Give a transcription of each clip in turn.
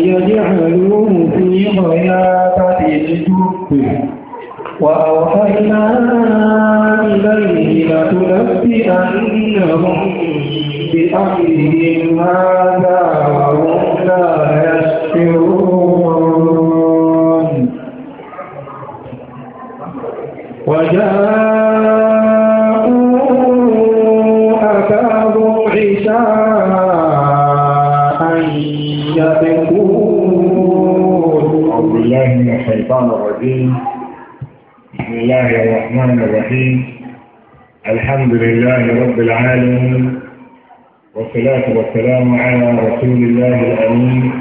يجعلوه في غيابة الجب وأوحينا إليه لتنبئنهم بأمرهم هذا وهم لا يشكرون وجاء الشيطان الرجيم بسم الله الرحمن الرحيم الحمد لله رب العالمين والصلاة والسلام على رسول الله الأمين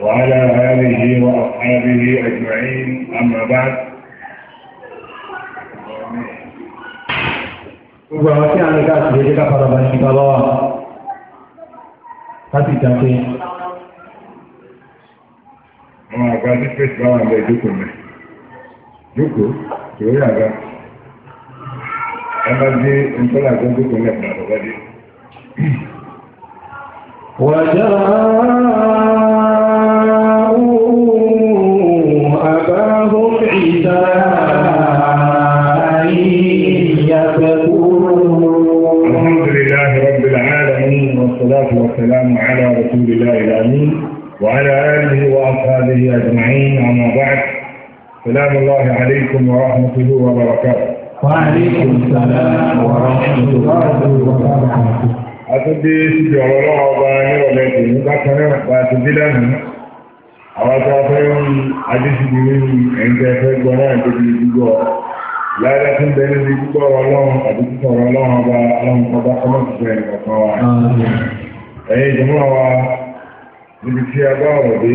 وعلى آله وأصحابه أجمعين أما بعد gbogbo àwọn tí a ń ká ṣe jẹ́ ká bá ṣe bá àwọn àga tí fèsì bá wà lẹ́ jókòó mẹ́ jókòó ìwé àga ẹgbẹ́ dé ìtọ́lá tó jókòó mẹ́ fún àbọ̀bá dé. وجاءوا أباهم عشاء والصلاة والسلام على رسول الله الأمين وعلى آله وأصحابه أجمعين أما بعد سلام الله عليكم ورحمته وبركاته وعليكم السلام ورحمة الله وبركاته أتدي سجل الله وباني ولكن مذكرة وأتدي لنا àwọn tó fẹ́ ń adéṣìbí nínú ẹ̀ǹtẹ́ fẹ́ gbọ́ náà tó di gbígbọ́ láyé tó ń bẹ níbi gbígbọ́ ọlọ́run àti títọ̀rọ̀ ọlọ́run ọba ọlọ́run ọba ọmọ ìfẹ́ ẹ̀kọ̀kan wa ẹ̀yìn ìjọba wa níbi tí a bá ọ̀rọ̀ dé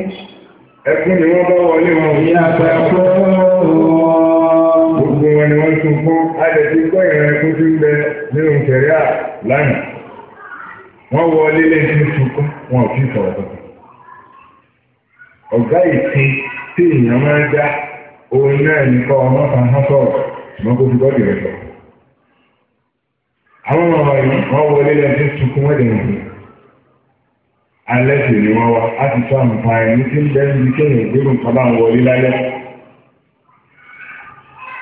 ẹkún ni wọ́n bá wọlé wọn. ìyàtọ̀ ẹ̀kọ́ gbogbo wọn ni wọ́n tún fún alẹ́ tí gbọ́ ìrìn ẹkún tí ń bẹ nínú kẹrẹ́ à lánàá wọ́n wọlé lẹ́yìn tí sunkún wọn fi sọ̀rọ̀ ọ̀gá ìsìn tí èèyàn máa ń òun náà nìkan ọmọ kan hán sọ̀rọ̀ alẹ́ sì ni wọ́n wá á ti tó àǹfààní ní tí ń bẹ́ níbi kéèyàn gbérùn kan bá ń wọlé lálẹ́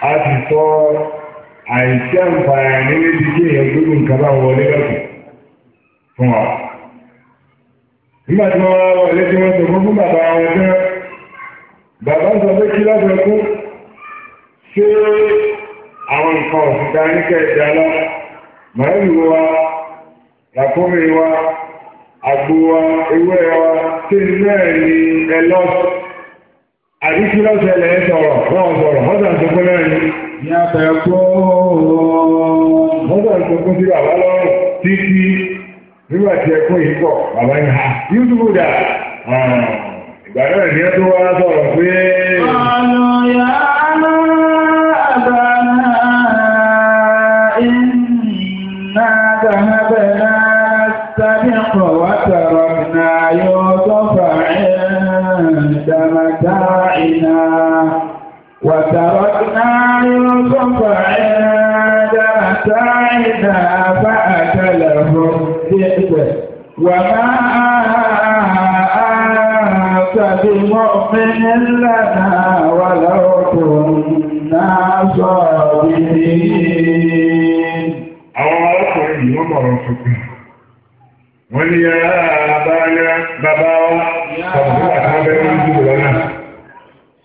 á ti tọ́ àìsí àǹfààní níbi kéèyàn gbérùn kan bá ń wọlé lọ́sùn fún wa. nígbà tí wọ́n wá wọlé tí wọ́n sọ fún fún bàbá wọn tán bàbá sọ pé kí lọ́sọ̀ kú ṣé àwọn nǹkan ọ̀sìn ta ní kẹ̀ẹ́dá lọ màá lù wá làkúnmí wa àgbòwa ewé wa tí náà ní ẹlọ́ àdíkí lọ́sẹ̀lẹ̀ sọ̀rọ̀ wọ́n sọ̀rọ̀ mọ́tà tuntun náà ní ní àtẹ̀kọ́ mọ́tà tuntun sí bàbá lọ́rùn títí nígbà tí ẹkún yìí pọ̀ bàbá ní ha yúdúbù dà ìgbà náà ní ẹ tó wá sọ̀rọ̀ pé. ọ̀nà yàrá. يوسف عند متاعنا فأكلهم ذئب وما أنت بمؤمن لنا ولو كنا صادقين. أراكم ومرسكم wọ́n ní yàrá àbáyá bàbá wa tàbí àtàbẹ̀rẹ̀ ìdúró náà.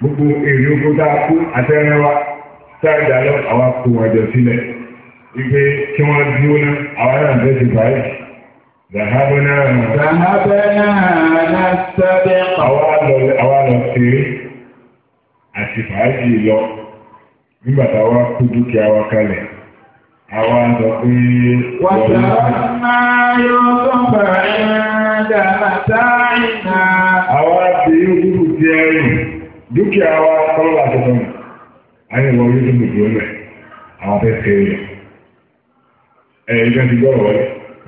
gbogbo èrè oko tá a kú àtẹ́rẹ́ wa tá a dà lọ àwa kó jọ sílẹ̀ wípé kí wọ́n na náà àwa náà fẹ́ ti lọ àwa lọ ṣeré àti lọ nígbà táwa kú dúkìá wa kalẹ̀. pé wọ́n Wàtá yóò dúkìá wa kọ́lọ́lá tuntun ayé lọ yóò tún dùdú ẹlẹ àwọn fẹ́ fẹ́ yọ ẹ ẹgbẹ́ ti gbọ́rọ̀ wọlé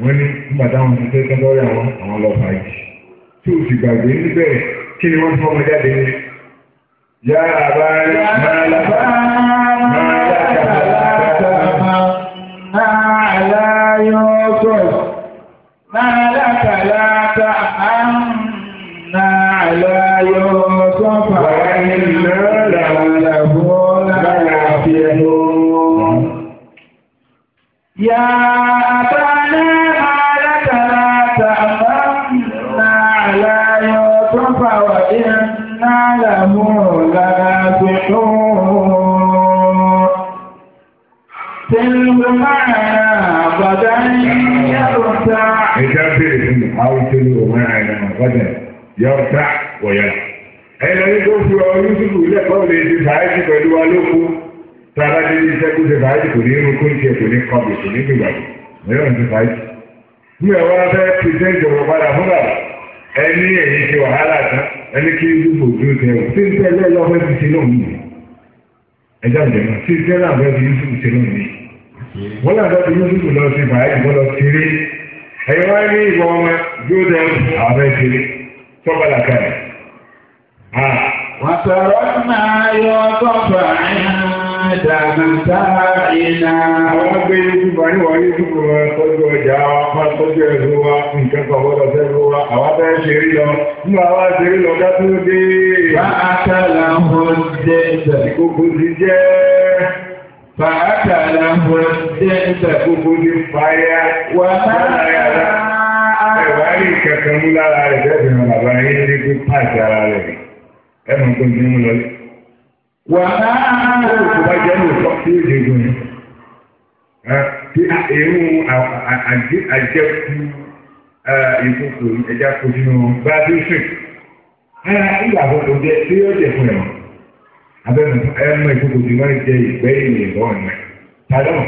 wọ́n ní nígbà táwọn ti tẹ́ tẹ́tọ́rẹ́ àwọn àwọn lọ fà yìí tí o sì gbàgbé kí ni jáde ní. يا أبانا ما لك لا تأمنا على يوسف وإنا له لناصحون تلك معنا غدا يرتاح يكفي أو تلك معنا غدا يرتاح ويلعب. ẹnlẹ́ ní kó fi ọ yusuf lẹ́kọ̀ọ́ lè di fàájì pẹ̀lú wa lóko tí a bá dé ní iṣẹ́ kó ṣe fàájì kò ní irun kó ń ṣe kò ní kọ́bì kò ní gbìyànjú mìíràn ti fàájì. Nígbà wọn wá fẹ́ pìtẹ́ǹtì ọ̀rọ̀ padà fún bàbá ẹni èyí ṣe wàhálà tán ẹni kí gbogbo òdúró tẹ ọ tí ń tẹ ẹlẹ́ lọ́wọ́ ti ṣe lóun yìí ẹjọ́ ìjọ náà tí ń tẹ náà bẹ́ẹ̀ ti Yusuf ṣe lóun yìí wọ́n náà bẹ́ẹ̀ ti Yusuf lọ sí bàáyì wọ́n lọ kiri ẹ̀yin wá ní ìwọ ọmọ yóò dẹ àwọn kiri tọ́balà kalẹ̀. Ah. wàtàrọ́ náà yọ ọgọ́fà dàmàtà iná. Àwọn gbé ìdúgbà níwọ̀n ní ìdúgbò wọn tọ́jú ọjà wa, tọ́jú ẹ̀rọ wa, nǹkan kan gbọ́dọ̀ wa, àwọn abẹ́ ṣe rí lọ. Nígbà wá ṣe rí lọ dátú dé. Bá a kàlà ń bọ̀ jẹ́ ìtẹ̀. Gbogbo ti jẹ́. fàyà. Wà á yára. rí kankan mú lára rẹ̀ bẹ́ẹ̀ bí bàbá yín ní pípàṣẹ ara rẹ̀. Ẹ wà á kó bá jẹ́ lóòótọ́ sí èdè ìgbìmọ̀ yẹn tí èrú àjẹkù ìkókò ẹja kojúmọ́ bá a ti sìn ìgbà àkókò jẹ tí yóò jẹ fún ẹ̀wọ̀n abẹ́nu ẹ̀mọ ìkókò tí wọ́n jẹ ìgbẹ́ ìyè lọ́wọ́ ẹ̀ tàdọ́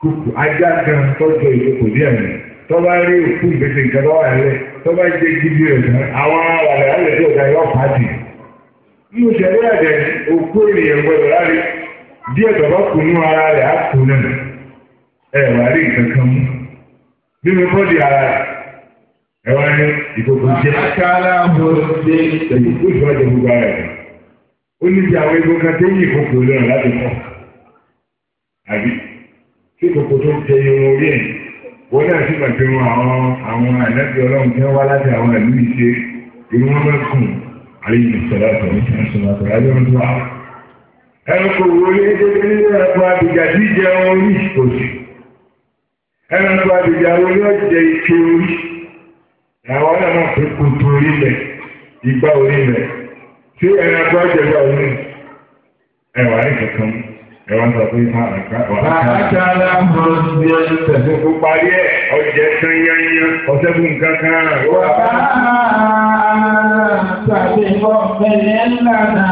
kùkù ajá kan tọ́jú ìkókò díẹ̀ mi tọ́ba rí òkú ìgbésẹ̀ ìjọba wà lẹ̀ tọ́ba jẹ gidi rẹ̀ àwọn àwàlẹ̀ àlẹ́ tí ò nínú ìṣẹ̀lẹ̀ ẹ̀jẹ̀ òkú ènìyàn gbọdọ̀ láre bí ẹ̀dọ̀ bá kù nú ara rẹ̀ á kù náà ẹ̀wà rí nǹkan kan mú nínú ara rẹ̀ ẹ̀wà ní ìgbòkò jẹ́. àkàrà mo ṣe ya ìfọ̀jẹ̀ gbogbo ara rẹ̀ ó ní bí àwọn egbò kan tó yí láti àbí tí tó orí náà sì gbàgbé wọn àwọn àwọn tí wá láti àwọn kùn عليه الصلاة والسلام هذا من دعاء ẹranko wo lé dédé ẹranko abidjan jíjẹ orí oṣù ẹranko abidjan wo lé ọjẹ ike orí àwọn náà máa fi kòtò orí lẹ ìgbà orí lẹ tí ẹranko ọjẹ gbà orí ẹwà rẹ ẹwọ́n sọ pé máa àká ọ̀rá ká. àkàrà mọ̀ ní ẹsẹ̀. mo parí ẹ̀ ọjẹ́ kan yányá ọ̀sẹ́gun kankan. wà á tàbí ọ̀fẹ́ ńlànà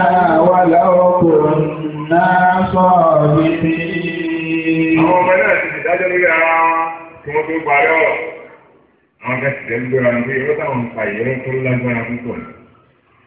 wà lọ́kùnrin náà sọ̀rọ̀ mi. àwọn ọmọ náà ti dájọ́ lórí ara kí wọ́n tó parí àwọn kan ti tẹ̀lé lóra wọn ó táwọn ń pa ìyẹ́rẹ́ tó lágbára púpọ̀ ni.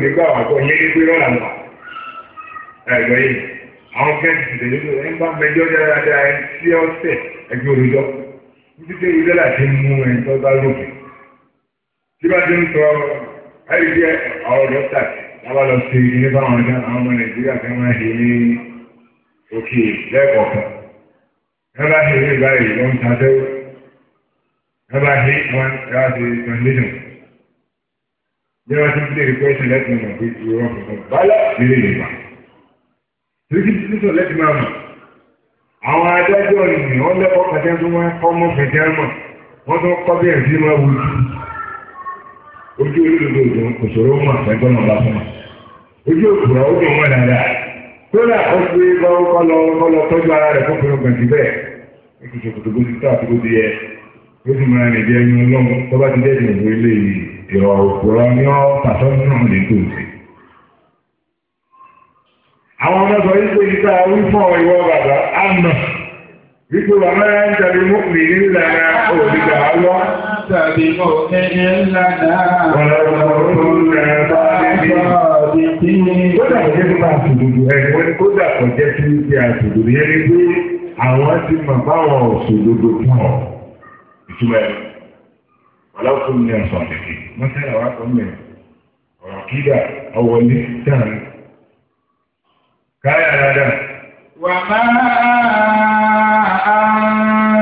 nígbà wà tó yẹ gbé rọ̀lá nà ẹ̀rọ yìí àwọn kẹ́ntì tẹ̀lé tó ẹ̀ ń bá mẹjọ dáadáa ẹ̀ tí ọ́ tẹ̀ ẹgbẹ́ olùjọ́ títí ilé láti mú ẹ̀ tó bá lókè tí bá ti ń sọ ẹ̀rí jẹ́ ọ̀rọ̀ tàbí lábá lọ sí ilé báwọn ọ̀dọ́ àwọn ọmọ nàìjíríà fẹ́ máa ṣe ní òkè lẹ́kọ̀ọ̀kan ẹ bá ṣe ilé báyìí ló ń ta tẹ́wọ́ ẹ bá ṣe bí wọ́n ti bílẹ̀ rìpẹ́sì lẹ́tìn mọ̀ pé ìrọ̀ fún bálá nílé ìgbà títí títí sọ lẹ́tìn máa mọ̀ àwọn adájọ́ ni wọ́n lẹ́kọ̀ọ́ kàjá tó wọ́n kọ́ mọ́ fẹ̀já mọ̀ wọ́n tó kọ́ bí ẹ̀sìn máa wù ojú olódodo òdò òṣòro mọ̀ ẹgbẹ́ mọ̀ bá fún ojú òkúra ó dùn mọ́ dáadáa kódà ó fi kọ́lọ́ kọ́lọ́ tọ́jú ara rẹ̀ fún fún ọgbọ̀n síbẹ̀ ó ti ṣòkòtò bó tó àti bó yẹ ó sì máa rìn bí ẹni ọlọ́run tó ti dẹ́sìn ìwé léyìí ìrọ̀rùn kúrọ̀ ní ọ́ pàtọ́nù náà lè tó sí. àwọn ọmọ sọ wípé nípa orí fún ọ ìwọ bàbá àmà wípé wà máa ń tàbí mú mi nílà òdìgbà lọ. kódà kò jẹ́ nípa àtùdùdù ti àtùdùdù yẹn ni pé àwọn ti mọ̀ báwọn òṣòdodo fún ọ. ìtumọ̀ ẹ̀. ولو كنا صادقين مثلا واحد من وعقيدة أولية ثانية كايا لا لا وما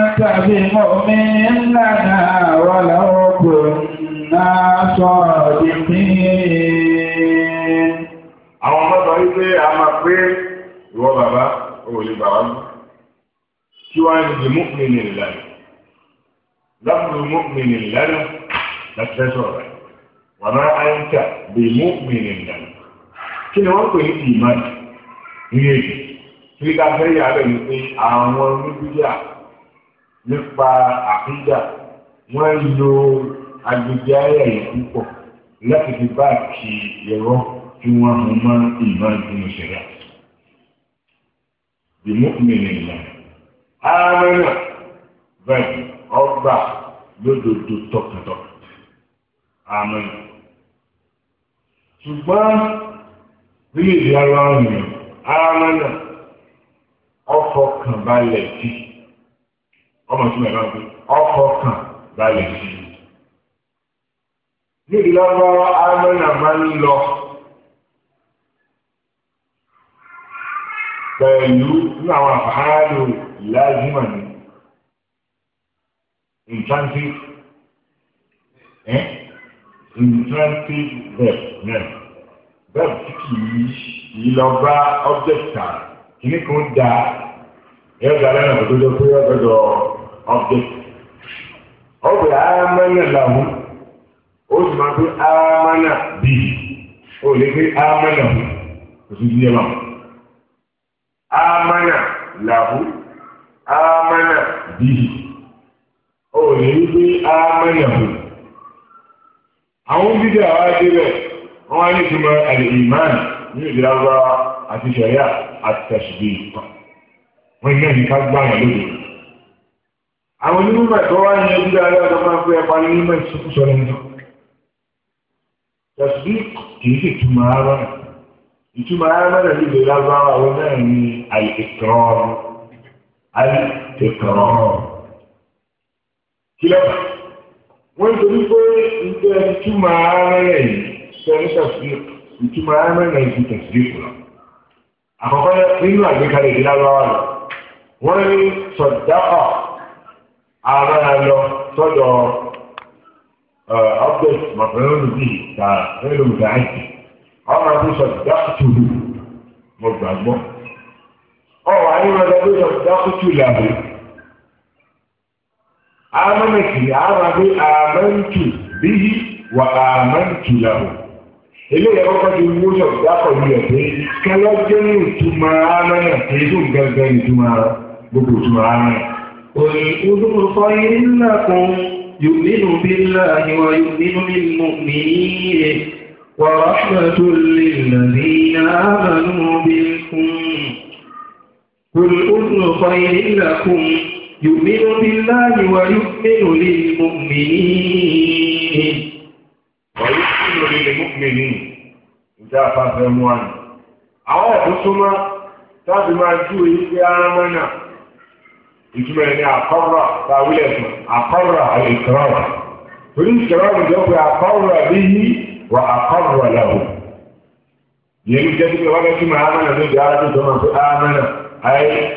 أنت بمؤمن لنا ولو كنا صادقين àwọn ọmọ sọ wípé a máa pé ìwọ bàbá òòlì bàbá tí wọ́n ń di mú mi nìlànà lọ́kùnrin mọ́kùnrin lẹ́nu lọ́kùnrin sọ̀rọ̀ rẹ̀ wà máa ń kà bí mọ́kùnrin lẹ́nu. kí ni wọ́n pè ní ìmọ̀ ìrìn èdè kí ká fẹ́ yà rẹ̀ ni pé àwọn oníbíyà nípa àkíjà wọ́n lo agbègbè ayé yìí púpọ̀ láti fi bá kí ẹ̀rọ tí wọ́n mú mọ́ ìmọ̀ ìdúnú ṣẹlẹ̀. bí mọ́kùnrin lẹ́nu. ààrẹ náà bẹ́ẹ̀ Ọgba lódodo tọkàntọkà àmì ṣùgbọ́n nílé ìyára ọ̀rìn ara náà ọfọkàn balẹ̀ sí ọmọ tí mẹ́ta ń ọfọkàn balẹ̀ sí nílé ìyára ara máa ń lọ pẹ̀lú ní àwọn àbáyọ in transit, eh? in transit verb náà verb tí kìí kìí lọ bá object kan kìíní kan da yóò da lẹ́nu òdodo pé yóò dọ̀dọ̀ object. ọ̀gbìn amánà làwọn ó sì máa pé amánà bíi ó lè pé amánà hù kò sí sí ẹ̀ma. amánà làwọn amánà bíi. o lè rí pé á mẹ́nàbù àwọn bídẹ̀ àwọn adébẹ̀ wọ́n á ní ìtumọ̀ iman ní èdè lágbára àti ṣẹ̀ríà àti tẹ̀sùbí wọ́n ní ká gbáyà lóde àwọn onímọ̀ tó wá ní ẹbí dáadáa tó máa ń pẹ́ ẹ̀pá ní mímọ̀ ìsọkúsọ lẹ́nu tẹ̀sùbí kì í ara ìtumọ̀ ara ní kìlọ́pà wọ́n torí pé ìjọ ìtumọ̀ ara rẹ̀ yìí sọ ní tàbí ìtumọ̀ ara rẹ̀ náà ju tàbí kù lọ. àkọ́kọ́ nínú àgbékalẹ̀ ìdílé aláwa rẹ̀ wọ́n ní sọ̀dáọ̀ ara lọ sọ́dọ̀ ọ́bẹ̀t mọ̀fẹ́rẹ́nù bíi ta ẹlòmùdá àjì ọmọ tó sọ̀dáọ̀tù mo gbàgbọ́. ọ̀wọ́ ayé wọn lọ bí sọ̀dáọ̀tù làbẹ̀ amẹ́nìkì àmàbí àmẹ́ntù bíyí wà àmẹ́ntù làwọn. ilé ìyàwó kọ́jú wúlọ̀ dápọ̀ ní ẹ̀dẹ́ kẹlẹ́ jẹ́ ní ìtumọ̀ amẹ́nà kìí tó gẹ́gẹ́ ìtumọ̀ gbogbo ìtumọ̀ amẹ́nà. òṣùpù sọ yìí ńlá kan yòmínú bí ńlá àyíwá yòmínú bí mọ̀ nìyí ورحمة للذين آمنوا منكم قل أذن خير لكم يؤمن بالله ويؤمن للمؤمنين ويؤمن للمؤمنين ìdá afáfẹ́ a àná àwọn ọ̀tún súnmọ́ táàbí máa jú ìgbé ara mọ́nà ìtumọ̀ ẹni àkọ́rọ̀ tàwílẹ̀ fún àkọ́rọ̀ àìkọ́rọ̀ torí a jọ pé àkọ́rọ̀ bí yí wà àkọ́rọ̀ làwọn yẹn jẹ́ pé wọ́n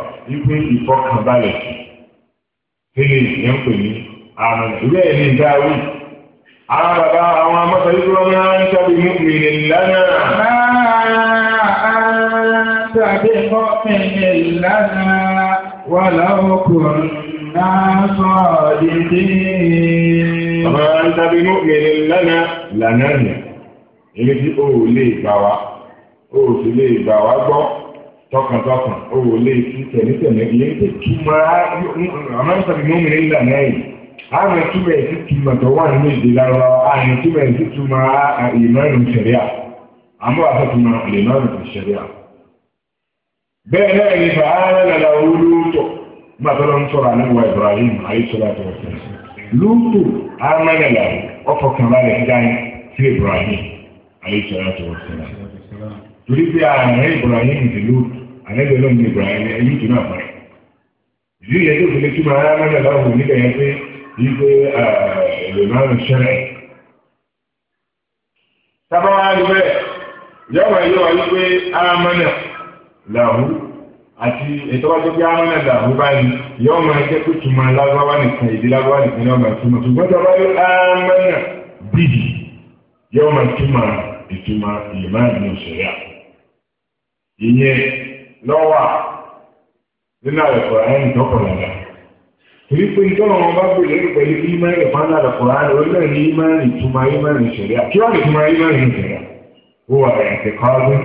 wípé ìfọkànbalẹ̀ kí ni ìyẹn ń pè ní àmì ìwé ẹ̀rí ìdáwí. àwọn bàbá àwọn amọ́sọ yìí tó ń rán sábì mú mi lè lánàá. sábì mú mi lè lánàá wà láwùkùn náà sọ̀rọ̀ dídí. bàbá sábì mú mi lánàá lánàá nì. èmi tí o ò lè gbà wá o ò sì lè gbà wá gbọ́. tọkàntọkàn ó wò lé fún tẹ̀lé-tẹ̀lé ìyẹn tó túmọ̀ àmọ́ ìsàbí mọ́mí ní náà yìí àmọ́ túmọ̀ túmọ̀ tó wà nínú ìdè lára àmọ́ túmọ̀ ẹ̀ túmọ̀ ìmọ̀ràn ìṣẹ̀rí à àmọ́ àti túmọ̀ ìmọ̀ràn ìṣẹ̀rí à. bẹ́ẹ̀ náà fàárẹ̀ lọ́la ń sọ̀rọ̀ Ibrahim Ibrahim àlejò ló ń di Ibrahim ẹyí jù náà pẹ́ ìdí ìyẹn tó fi lè túmọ̀ ara mọ́lẹ̀ láwùjọ nígbà yẹn pé wípé èrè máa ń ṣẹlẹ̀. sábàá rí bẹ́ẹ̀ yọ̀wọ̀ yọ̀wọ̀ wípé ara mọ́lẹ̀ làwù àti ètò wájú pé ara mọ́lẹ̀ làwù báyìí yọ̀wọ̀ máa jẹ́ pé túmọ̀ lágbáwá nìkan ìdí lágbáwá nìkan yọ̀wọ̀ máa túmọ̀ ṣùgbọ́n tó bá rí bíbí yọ̀wọ̀ máa túmọ̀ ìtumọ̀ ìmáà ní lọ́wà nínú àlùkò ẹni tọkànlá rẹ̀ pé ìtọ́nà wọn bá gbé lẹ́yìn pẹ̀lú ímẹ́rì fáńdà àlùkò rẹ̀ orílẹ̀ ní ímẹ́rì ìtumọ̀ ímẹ́rì ìṣẹ̀lẹ̀ kí wọ́n lè túmọ̀ ímẹ́rì ìṣẹ̀lẹ̀ ó wà rẹ̀ ti kọ́ọ́dún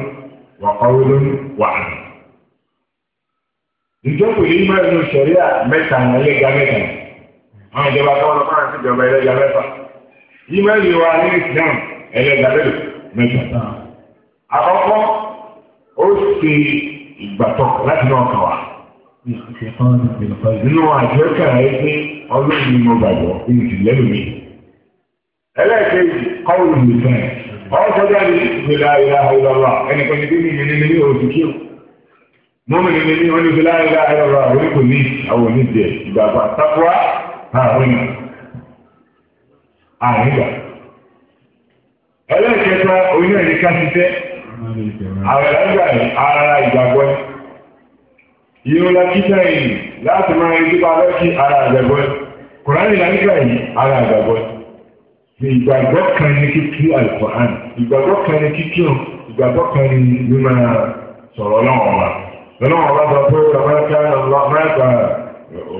wà kọ́ọ́dún wà ìṣẹ̀lẹ̀ mẹ́ta mẹ́ta àwọn ìjọba fáwọn ẹlẹ́gà ìgbàtọ̀ láti náà kàn wá. Nínú àjẹ́kà ẹ pé ọlọ́run ni mo gbàgbọ́ inú ìlẹ́nu mi. Ẹlẹ́ẹ̀kejì kọ́wé ìlú fẹ́. Ọ̀rọ̀ sọ́jà ní ìpìlẹ̀ ayélujára ayélujára ẹnìkan ní bí mi ní ní oṣù kí o. Mo mi ní ní oṣù láyélujára ayélujára orí kò ní àwọn onídìẹ̀ ìgbàgbọ́ àtàkùrá àárín àárín gbà. Ẹlẹ́ẹ̀kẹta oní ẹ̀ríkà àwẹ̀ lágbà ní ara ìgbàgbọ́ ni ìrún lọ́kí sẹ́yìn láti máa rí pípa lọ́kí ara ìgbàgbọ́ ni kùránì lágbà yìí ara ìgbàgbọ́ ni ìgbàgbọ́ kan ní kíkí alukọ̀án ìgbàgbọ́ kan ní kíkí ọ̀ ìgbàgbọ́ kan ní mímọ́ sọ̀rọ̀ náà wà lọ́nà ọ̀rọ̀ sọ pé ọ̀rọ̀ kára ọ̀rọ̀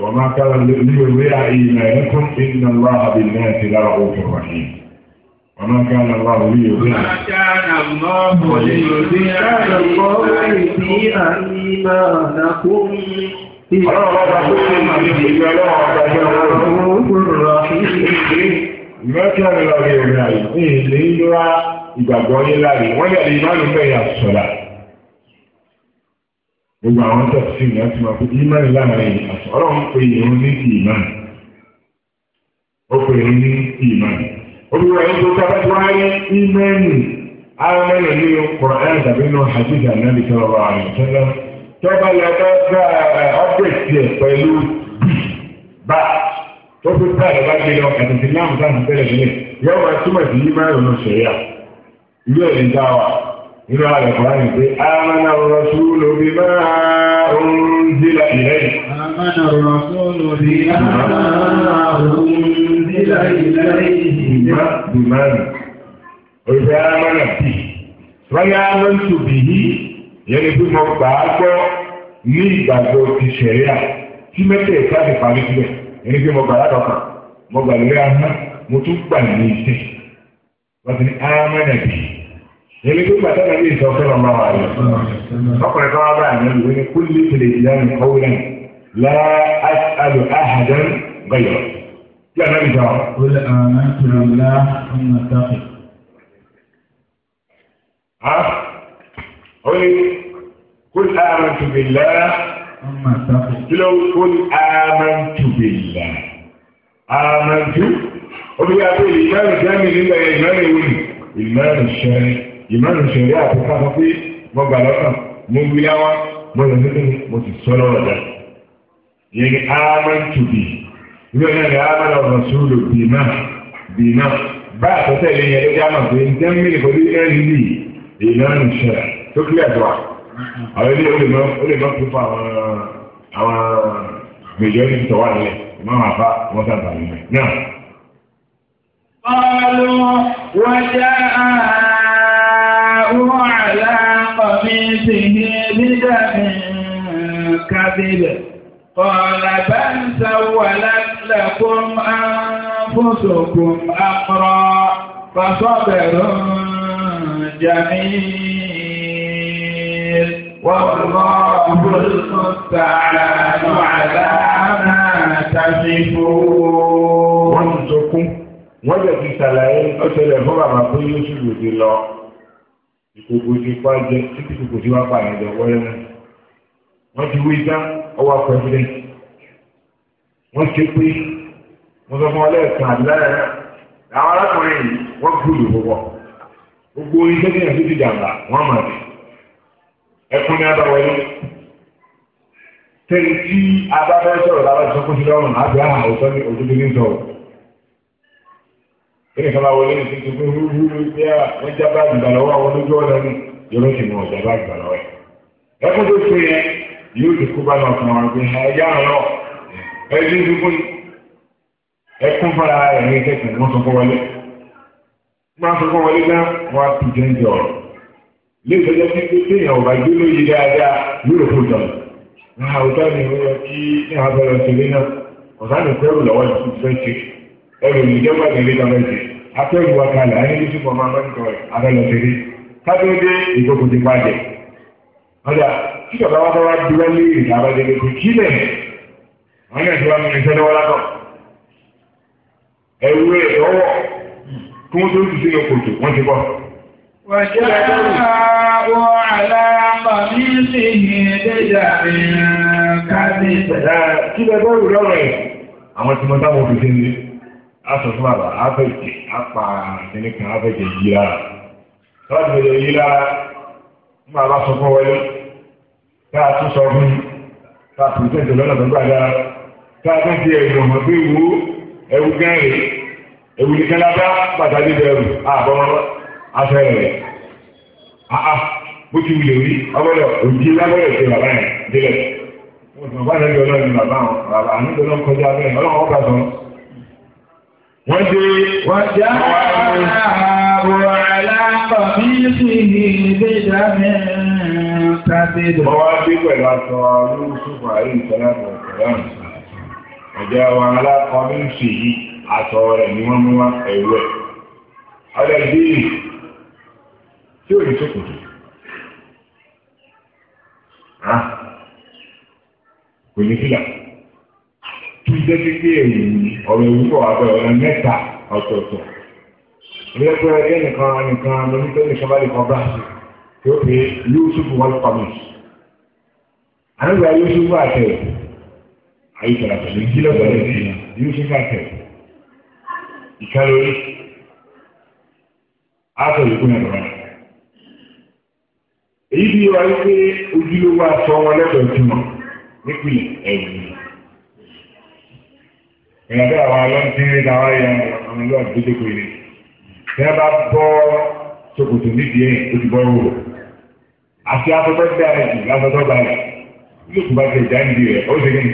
وما كان ليريع إيمانكم إن الله بالناس لرؤوف رحيم وما كان الله ليضيع كان الله ليضيع إيمانكم Ìgbẹ́kẹ́ lọ́rọ̀ ìrìn àyè ní ilé ìlúra Gbogbo àwọn tẹ̀sí ìrìn àti máa fún ìmọ̀ ìlànà àti ọlọ́run pé ìrún ní ìmọ̀. Ó pè ní ìmọ̀ olùwà ẹ̀dùn tọ́ba tí wọ́n rí ìmẹ́ẹ̀nì àwọn mẹ́rin ní kùrọ̀án tàbí inú hadith ànábì sọ̀rọ̀ àrùn tẹ́lẹ̀ tọ́ba lọ bá gba ọ́pẹ̀tì ẹ̀ pẹ̀lú bá tó fi bá ẹ̀ bá gbé lọ ẹ̀sìn tí náà sáà tẹ́lẹ̀ nílẹ̀ yóò máa túmọ̀ sí yí máa ronú sẹ̀yà ilé ẹ̀ ń dá wa nínú àlẹ́ kùrọ̀án pé amánà rasúlù bí máa ń dí la ìlẹ́yìn. amánà rasúlù bí máa ń إلا إليه بمعنى olùfẹ́ amánà bì lọ́yà amántu bì yí yẹni bí mo gbà á gbọ́ ní ìgbàgbọ́ ti sẹ̀ríà tí mẹ́tẹ̀ẹ̀ta ti parí síbẹ̀ yẹni bí mo gbà á dọ̀kan mo gbà lórí amá mo tún gbà ní iṣẹ́ wọ́n ti ní amánà bì yẹni bí gbàtà náà ní ìsọ̀fẹ́ lọ́ máa wà lọ. ọkùnrin kan wá bá àná Kí a nábì dáwọ̀. Ó lè àná tìrọ̀ ńlá ọmọ táfì. A ó ní kó ní àmà tùbí lá. Ọmọ táfì. Kí ló ń kó ní àmà tùbí lá? Àmà tù. Ó bí a pé ìmáàmù jáde nílẹ̀ ìmáàmù ìwé ni. Ìmáàmù ṣẹ̀rí. Ìmáàmù ṣẹ̀rí àti pápá pé mo gbà lọ́kàn. Mo gbé láwọn. Mo lọ sí mo sì sọ lọ́rọ̀ dá. Yẹ́nì àmà tùbí ìjọ náà ni alábàdà ọ̀nà sùúrù bìínà bìínà báyà tó tẹ̀lé yẹn ló jáàmà pé ní tẹ́ mílì pẹ̀lú ẹ̀rí lì èèyàn náà ń ṣẹlẹ̀ tó kílẹ̀ tó wà àwọn ilé ó lè mọ́ ó lè mọ́ fún àwọn àwọn gbèjọ́ ní tọ́ wà ìmọ̀ àwọn àbá wọn sábà nílẹ̀ náà. قالوا وجاءوا على قميصه بدم كذب قال بل سولت لكم أنفسكم أمرا فصبر جميل والله المستعان على ما تصفون. wọ́n jẹ́ ti ṣàlàyé ọ̀sẹ̀lẹ̀ fún bàbá pé yóò sì lòdì lọ ìkòkò ti pa jẹ títí kòkò tí wọ́n pa àyẹ̀dọ̀ wọ́lẹ́ náà wọ́n ti wí tán ọwọ́ pẹ́sidẹ́ntì. wọ́n ké pé wọ́n sọ fún ọ lẹ́ẹ̀kan àdìláyà àwọn arákùnrin yìí wọ́n gbúdù púpọ̀ gbogbo orin tó kéèyàn tó ti dàgbà wọ́n mọ̀ ní ẹkún ní abáwọlé tẹ̀lé tí abáfẹ́ sọ̀rọ̀ lára kó sí lọ́rùn àbí àwọn òótọ́ ní òdodo ní sọ̀rọ̀ kíni kan bá ní tuntun pé wúwúwú bí a wọ́n já bá gbà àwọn olójú ọ̀nà ní sì mọ̀ bá ẹ̀ ẹkún tó ẹ̀dín dúkú ni ẹkún fara ẹ̀ ní kẹsàn-án ni wọ́n sọ fún wọlé wọ́n sọ fún wọlé náà wọ́n á tún jẹ́ ń jọ ọ̀rọ̀ lè sọ́jọ́ sí pé téèyàn ọ̀bà gbé lóye dáadáa yóò fò jọ àwùjọ ni ó yẹ kí ní abẹ́rẹ́ ṣẹlẹ̀ náà ọ̀sán ní kẹ́rù lọ́wọ́ ìfún fẹ́ ṣe ẹrù ìjọba ìdílé náà ṣe akẹ́rù wa kalẹ̀ ayé ní sùpọ̀ máa ń tọ̀ abẹ́rẹ́ ṣẹlẹ̀ kábíyèdé ìgbókòtì wọn náà ti wá mi nìkan lọ́wọ́ látọ̀ ẹ̀wú rẹ̀ lọ́wọ́ kí wọ́n tó ti sínú kòtò wọ́n ti bọ̀. wàjẹ́ àwọn aláàmọ̀mí sì ní déjà mi kábí. kí lè bọ́ ìrọ̀ rẹ̀ àwọn tí mo táwọn fi ṣe ń lé aṣọ fún bàbá abẹ́jẹ apá ẹni kan abẹ́jẹ yíra tọ́jú ẹ̀jẹ̀ yíra ń bàbá sọ fún wọlé tá a tún sọ fún tá a pèsè ìjọba tó gbàgbára tá a fẹ́ fi ẹ̀dùn ọmọ pé wo ẹ̀wù gẹ́rẹ́ ẹ̀wù ní kálábá pàtàkì bẹ̀rù àbọ̀ afẹ́rẹ́ rẹ̀ bó ti wulẹ̀ wí ọgbọ́dọ̀ òjì lábẹ́rẹ́ ṣe bàbá yẹn délẹ̀ bàbá yẹn lọ́dọ̀ ọlọ́run bàbá wọn bàbá àánú tó lọ́n kọjá bẹ́ẹ̀ ọlọ́run ọba sọ. wọ́n ṣe wọ́n ṣe àwọn aláàbọ̀ bí sí ilé ìdámẹ́ tàbí. wọ́n wá dé pẹ̀lú aṣọ olóṣùpá ayé ìtọ́lá ẹ̀jẹ̀ wọn alákọ̀ọ́ ní ṣe yìí aṣọ rẹ̀ ni wọ́n mú wá ẹ̀rú ẹ̀. ọ̀dẹ̀ bíi tí ò ní ṣòkòtò. kò ní fìlà. tó jẹ́ pé èyí ọ̀rọ̀ ìwúkọ̀ àbẹ̀ ọ̀rọ̀ mẹ́ta ọ̀tọ̀ọ̀tọ̀. ìrẹ́pẹ́ ẹgbẹ́ nìkan nìkan lóníkẹ́ nìkan bá lè kọ́ bá tí ó fi Yusuf wọ́n pàmì. à ń gba Yusuf àtẹ̀yẹ̀ àyíkàrà pẹ̀lú ìdílé pẹ̀lú ìdílé yúsùfà tẹ̀ ìkálórí aṣọ ìkún ẹ̀rọ èyí bí wà wípé ojúlówó aṣọ wọn lẹ́tọ̀ọ́ ìtumọ̀ nípìnlẹ̀ ẹ̀rù ni ìrìnàjò àwọn alọ́ntínrín làwọn ẹ̀yà àwọn ìlú àdúgbò ilé tí wọ́n bá bọ́ ṣòkòtò nídìí ẹ̀ ó ti bọ́ wò àti afọ́fẹ́ dáa jù lásọ̀tọ̀ balẹ̀ nígbà tó bá ti ẹ̀dá nídìí rẹ̀ ó ṣe kí ni.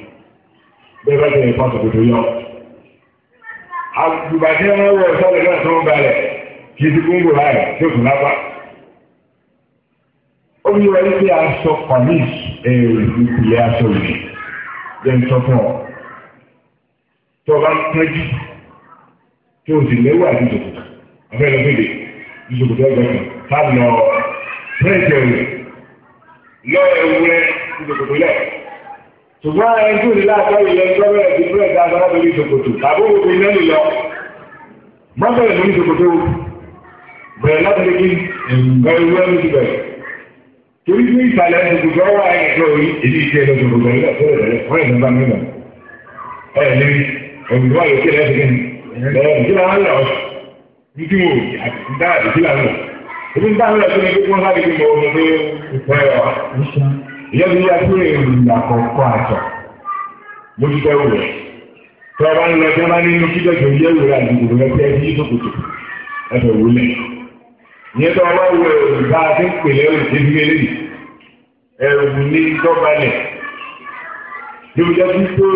bẹ́ẹ̀ bá tẹ̀lé pọ́ǹtù gbogbo yọ. àgùbàjẹ́ wọn wọ ìsọ́lẹ̀ náà tó ń balẹ̀ kì í ti kún gbòòrò àyè tó kù lápá. ó ní wọlé pé aṣọ pàmìs ẹ̀rù ìpìlẹ̀ aṣọ yìí jẹ́ ń sọ fún ọ. tó bá tẹ́jú tó o sì léwu àti ìjòkòtò afẹ́ lọ fèdè ìjòkòtò ẹgbẹ́ kan sáà lọ pẹ́ẹ́tẹ̀ẹ̀rù lọ́ọ̀ ẹ̀wù rẹ̀ ìjòkòtò lẹ́ẹ̀ ṣùgbọ́n ẹni tó ní láàtọ́ ilẹ̀ ẹjọ́ bẹ̀rẹ̀ ti bẹ̀rẹ̀ dá agbára lórí ìṣòkòtò tàbí owó ti lẹ́nu lọ mọ́tẹ̀lẹ̀ lórí ìṣòkòtò bẹ̀rẹ̀ láti lè kí bẹ̀rẹ̀ wúwẹ́ ló ti bẹ̀rẹ̀ torí pé ìsàlẹ̀ ìṣòkòtò ọwọ́ ẹ̀jọ́ orí èdè ìṣẹ́ ẹ̀jọ́ ìṣòkòtò ẹ̀jọ́ ìṣòkòtò ẹ̀jọ́ ìṣòkòtò ẹ̀jọ́ ìṣòkòtò ẹ̀jọ́ ìṣòkòtò ẹ̀jọ́ ìyẹ́bi yá tó èròyìn àkọ́kọ́ àtọ̀ mo ti fẹ́ wẹ̀ tó ọba ń lọ tí wọ́n bá nínú kíjọ́jọ́ yẹ wẹ̀ àdìgbò rẹ tẹ́ bí sókòtò ẹ̀fẹ̀ wọlé ìyẹn tó ọba wẹ̀ bá a ti ń pèlè ẹ̀rù tí fi lélẹ̀ ẹ̀rù ní dọ́gbalẹ̀ yóò jẹ́ kí tó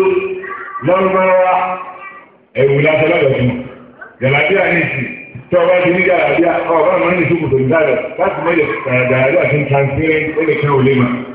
lọ́rùmọ́ra ẹ̀rù lásán lọ́dọ̀ fún gàlàbíà ní ìsìn tó ọba ti ní gàlàbíà ọba máa ń ní sókòtò ní dáadáa láti mọ́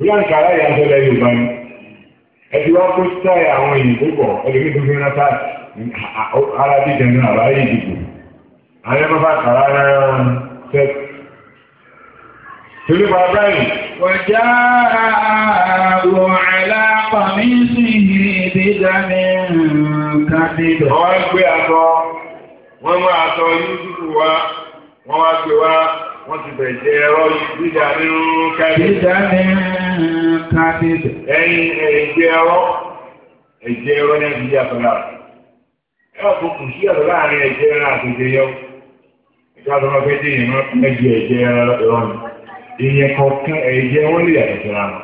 bóyá nǹkan aláìyá ń tẹ́lẹ̀ yorùbá ni ẹtì wá kó sáì àwọn òyìnbó bọ̀ ẹlòmíì tó fi ń rántá ara bí jẹnu àbáyé ìdìbò àwọn ẹgbẹ́ bá kàrá tẹ́ torí bá báyìí. wọ́jà àwọ̀ àlàpà mi sì dídá ní kàdídọ̀. wọ́n gbé aṣọ wọ́n mú aṣọ yúdúdú wa wọ́n wá gbé wa wọ́n ti bẹ̀jẹ̀ ẹ̀rọ ìdíjà nínú kábíyèsí. ìdíjà nínú kábíyèsí. ẹyin ẹ̀jẹ̀ ẹ̀rọ ẹ̀jẹ̀ ẹ̀rọ ní ẹ̀jẹ̀ àtọ̀lá. ẹ wà fún kùsí ẹ̀rọ láàrin ẹ̀jẹ̀ ẹ̀rọ àti ẹ̀jẹ̀ yọ. ìjọba tó máa fẹ́ dé ìyẹn máa fún ẹ̀jẹ̀ ẹ̀jẹ̀ ẹ̀rọ ni. ìyẹn kọ̀ọ̀kan ẹ̀jẹ̀ wọn lè yàtọ̀ síra wọn.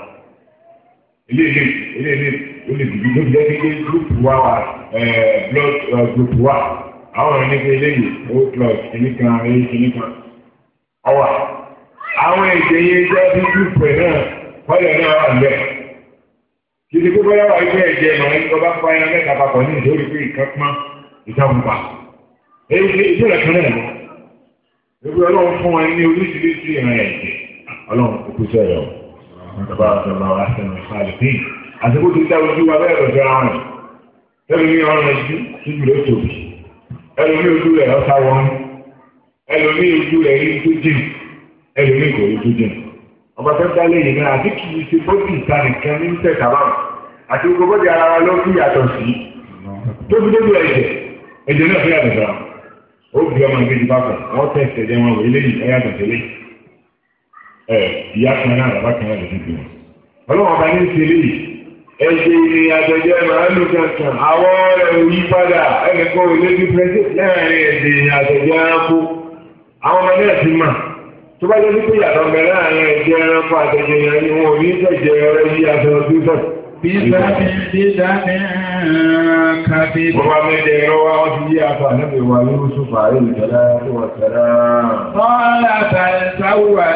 ilé ilé ilé ilé ilé ìdìbò tó jẹ́ pé group wa wà blood uh, group wa àwọn ọ̀rọ̀ nípa eléyìí o plus kìnnìkan eléyìí kìnnìkan ọwà àwọn èdè yẹn jẹ́ bí dúpẹ́ náà wọ́lẹ̀ náà wà lẹ̀ títí pé bọ́lá wà ní ẹ̀jẹ̀ màá ní ọba pa ẹran mẹ́ta papọ̀ ní ìdórí pé ìkan pọ́n ìjàmbá èyí ìjìnlẹ̀ kan náà ebi ọlọ́run fún wa ní oríṣiríṣi ìran ẹ̀jẹ̀ ọlọ́run kò kúṣẹ́ rẹ̀ o bàbá bàbá wa sẹ́nu ìfàlẹ̀ pé àtẹ̀kọ́ ti dá ojú wa bẹ́ẹ̀ lọ́jọ́ àrùn ẹlòmí ọrùn ẹjú síbi ló tóbi ẹlòmí ojú rẹ̀ ọ̀sá wọn ẹlòmí ojú rẹ̀ rí tó jìn ẹlòmí kò rí tó jìn ọba tó dá náà àti kì í ṣe ìta nìkan ní báwọn àti gbogbo ara wa ló fi yàtọ̀ sí i tóbi tóbi ẹ̀jẹ̀ ẹ̀jẹ̀ náà fi yàtọ̀ sára ó bí ọmọ ìgbé bá kọ̀ wọ́n tẹ̀ ẹ̀sẹ̀ wọn wò eléyìí tẹ̀lé ẹ̀ ìyá kan náà bàbá kan náà àwọn ọmọ náà ti mà tó bá yẹ kí ìyàtọ̀ mẹ́rin àárín ẹ̀jẹ̀ ẹranko àtẹ̀jẹ̀ yẹn ni wọn ò ní sẹ̀jẹ̀ ẹran yí aṣọ tó sọ̀tù. Wọ́n bá mẹ́lẹ̀ rọwá wọ́n ti yí àfà níbi wà lórí súnfà rí ìjọlá tó wà tẹ́lá. Ọ́lá tàìsáwà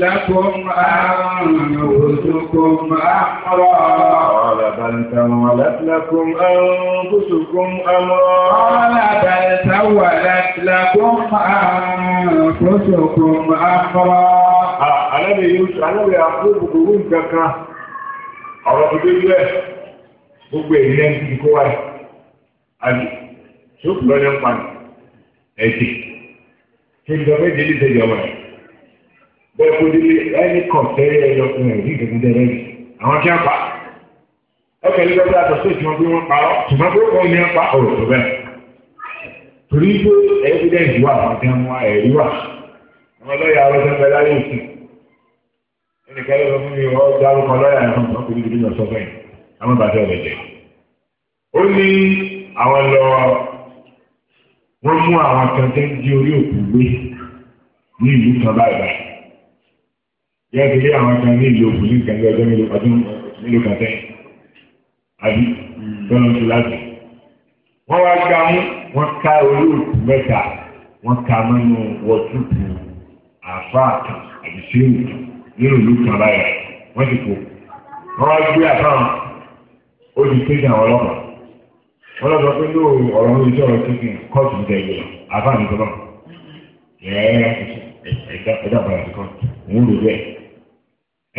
lákùn àrùn òṣùkùn àmọ́rọ̀. Ọ́lá tàìsáwà lákùn àrùn òṣùkùn àmọ́rọ̀. Ọ́lá tàìsáwà lákùn àrùn Àlẹ́bẹ̀ yóò ṣe, àlẹ́bẹ̀ àkókò ọ̀rọ̀ tó dé lẹ̀ gbogbo èyí ẹ̀ ń ti kó wáyé àbí tó kúrọ̀ ní pa ẹ̀jẹ̀ tó ń dọ̀bẹ́ délé tẹ̀lé ọmọ rẹ̀ bẹ́ẹ̀ kó délé ẹni kàn tẹ́lẹ̀ ẹ̀yọ fún ẹ̀ ní ìgbẹ́gbẹ́ dẹ́rẹ́ yìí àwọn kí á pa ọkẹ́ ní lọ́dọ̀ àtọ̀ sí ìtumọ̀ pé wọ́n pa ọ̀rọ̀ tó bẹ́ẹ̀ torí pé evidence wà àwọn tí wọ́n wá ẹ̀rí wà àwọn lọ́ọ̀yà ọlọ́sẹ̀ pẹ̀lú ayé òfin ẹnìkan ló sọ fún mi ọ dárúkọ lọ́yà náà wọn kò ní ìdílé náà sọ fún yìí àwọn bàtà ọ̀rẹ́ jẹ. ó ní àwọn lọ wọ́n mú àwọn kan tẹ́ ń di orí òkú gbé ní ìlú kan báyìí yóò ti rí àwọn kan ní ìlú òkú ní ìkànnì ọjọ́ mélòó kan tẹ́ àbí tọ́nà ti láti. wọ́n wá gbá mú wọ́n ká orí òkú mẹ́ta wọ́n ká mọ́nú wọ́túùpù àfáà kan àbí sílùú kan nínú ìlú kan báyà wọ́n ti kó wọ́n wá gbé àtàwọn ó di tẹ́jú àwọn ọlọ́pàá wọ́n lọ sọ pé ní ọ̀rọ̀ ní iṣẹ́ ọ̀rọ̀ tuntun kóòtù ń tẹ̀lé àbáàmì tó náà ẹ̀ẹ́dá ẹ̀dá bàrà kan òun lò bẹ́ẹ̀.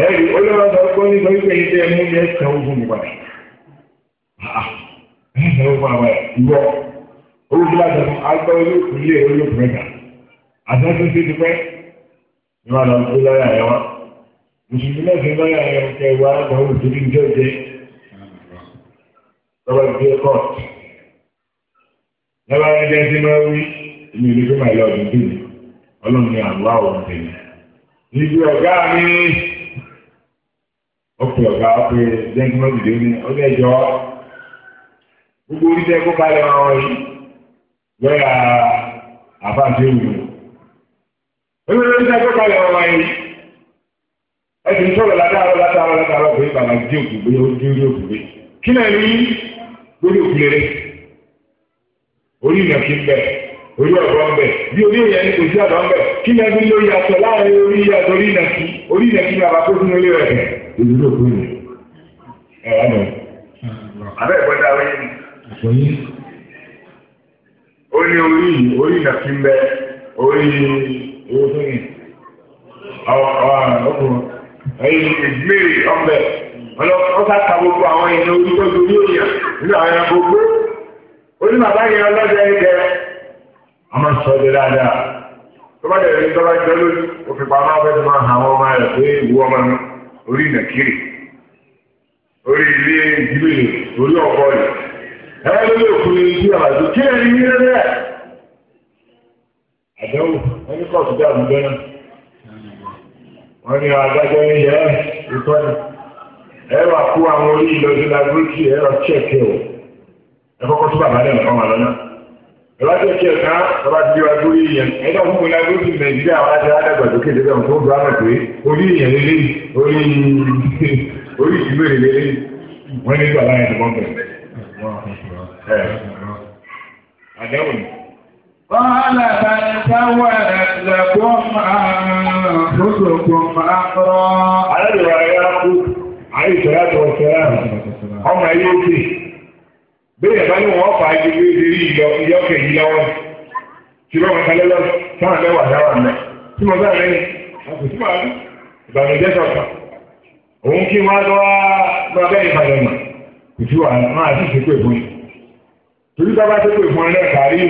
ẹ̀rí olóòrò sọ pé ní sọ pé ilé ẹ̀mú yẹn tẹ̀ ó fún mi padà ẹ̀ ẹ̀ ó fún àwọn ìwọ owó bí láti fún agbá olóòkú ilé olóòkú mẹ́ta àtúntò ti ti pẹ́ ní wàá lọ sí lọ́yà yẹn wá. ìṣúná fi bá yàrá ẹ̀rọ tẹ wá àwọn òṣèlú ìjọ jẹ lọ́wọ́ ìgbé kọ́ọ̀tù lọ́wọ́ ẹgbẹ́ ẹgbẹ́ máa wí èmi ò ní fẹ́ máa lọ ọdún tó yìí ọlọ́run ní àlọ́ àwọn ọ̀dẹ̀ ẹ̀sìn sọ̀rọ̀ látàrọ̀ látàrọ̀ látàrọ̀ pé bàbá dé òkùnbé ó dé orí òkùnbé kí náà rí lórí òkùnbé rẹ̀ orí ìnàkí ń bẹ orí ọ̀rọ̀ ń bẹ bí orí èèyàn ní kò sí àbá ń bẹ kí náà rí lórí aṣọ láàrin orí aṣọ orí ìnàkí orí ìnàkí ni àbákó sínú ilé rẹ̀ èyí ló kú ni ẹ̀ ẹ̀ abẹ́ ìgbọ́dá wí ni ó orí orí ìnàkí ń bẹ orí owó tó ní ọkùnrin. ìgbèrè ọ̀bẹ ọlọ́pàá sáta gbogbo àwọn èèyàn orúkọ torí èèyàn nínú àwọn ẹranko gbó oní bàbá yẹn ọlọ́dẹ ẹ̀jẹ̀ ọmọ sọdẹ dáadáa tó bá dẹ̀ ní tọ́lá jẹ́ lójú òfin pamọ́ fẹ́ tó máa hàn àwọn ọmọ rẹ̀ pé ìwú ọmọ orí orí ilé ìdílé orí rẹ̀ ẹ̀rọ lórí ni kí rẹ̀ àdéhùn ẹni kọ̀ọ̀tù wọ́n ní agbájọ́ ní yẹ́ ìtọ́ni ẹ̀rọ àkú àwọn orí ìlọ́jú lágbóríkì ẹ̀rọ chẹ́ẹ̀kì ọ̀ ẹ̀kọ́kọ́ tó bàbá dẹ̀ nǹkan màlọ́nà ìwà chẹ́ẹ̀kì ẹ̀ka bàbá ti di wájú orí ìyẹn ẹ̀dá fún mi lágbóríkì nàìjíríà wọn ti rádàgbà tó kéde bẹ́ẹ̀ tó ń dùn àmọ̀ pé orí ìyẹn lélẹ́ orí orí ìdúró lélẹ́ wọ́n ní bàbá yẹn ti mọ́ bẹ̀rẹ̀ قال بل سولت لكم أنفسكم أمرا على رواياته عليه الصلاة والسلام ọmọ ẹyẹ ti bẹ́ẹ̀ bá ní wọ́n fà á ju bí ìdérí ìyọ ìyọkẹ̀ yìí lọ́wọ́ tí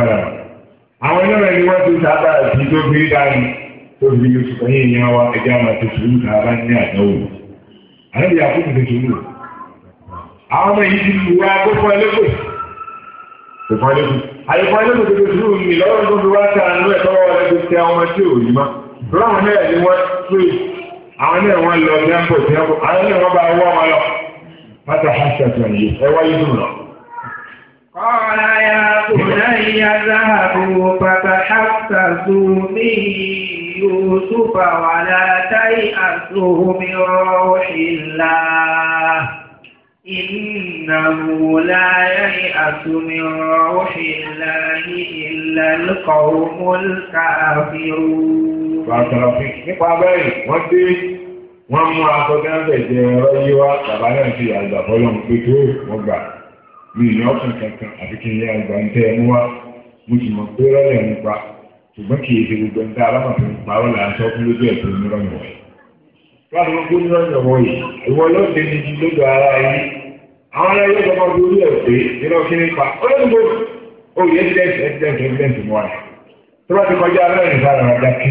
wọ́n àwọn ẹlẹ́rẹ̀ ni wọ́n ti sábà sí tó fi dání tó fi oṣù kẹ́yìn ìyá wa ẹ̀jẹ̀ àwọn ti sùúrù sábà ní àdánwò àlejò àkókò ti sùúrù àwọn ọmọ yìí ti fi wá gbogbo ẹlẹ́gbẹ̀ ìfọ̀n ẹlẹ́gbẹ̀ àyẹ̀fọ̀n ẹlẹ́gbẹ̀ tó fi sùúrù ní lọ́wọ́ tó fi wá sí àánú ẹ̀ tọ́wọ́ ẹlẹ́gbẹ̀ tí àwọn tí ò yí mọ́ láwọn náà ni wọ́n pè àwọn náà قال يا بني اذهبوا فتحسسوا من يوسف ولا تيأسوا من روح الله إنه لا ييأس من روح الله إلا القوم الكافرون. فأترفي نقع بين ودي wọ́n mú aṣọ dáńbẹ̀ jẹ́ ọ̀rọ̀ yíwá tàbá mi ní ọ́pìn kankan àti kí n yá ìgbà ń tẹ́ ẹmú wá mo sì mọ̀ pé rọ́lẹ̀ ń pa ṣùgbọ́n kì í ṣe gbogbo ń dá alábàtà ń pa ọ́ là ń sọ fún lójú ẹ̀ tó nírọ̀ nìwọ̀ yìí. láti gbogbo nírọ̀ nìwọ̀ yìí ìwọ lóde ní ti lójú ara yìí àwọn ará yóò gbọmọ bí ẹ̀ pé nírọ̀ kí ní pa olóńgbò òye ẹ̀dẹ́sì ẹ̀dẹ́sì ẹ̀dẹ́sì mọ́ ẹ̀ tó bá ti kọjá alẹ́ ìsára ọjà kí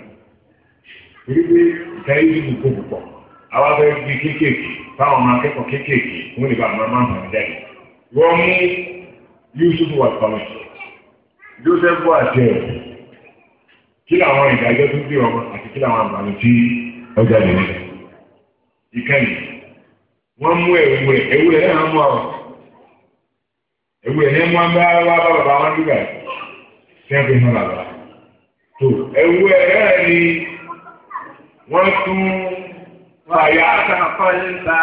wípé tẹ́lifíṣù kò púpọ̀ kéékèèké táwọn ọmọ akẹ́kọ̀ọ́ kéékèèké wọ́n lè bá àwọn ọmọ àwọn jáde wọ́n mú Yusuf wà pàmì Joseph wà jẹ́ kí làwọn ìdájọ́ tó bí ọmọ àti kí làwọn tí ọjà lè ìkànnì mú bá bàbá wọn dúgbà hàn bàbá tó wọ́n tún fàyà àtàkọ́lbà.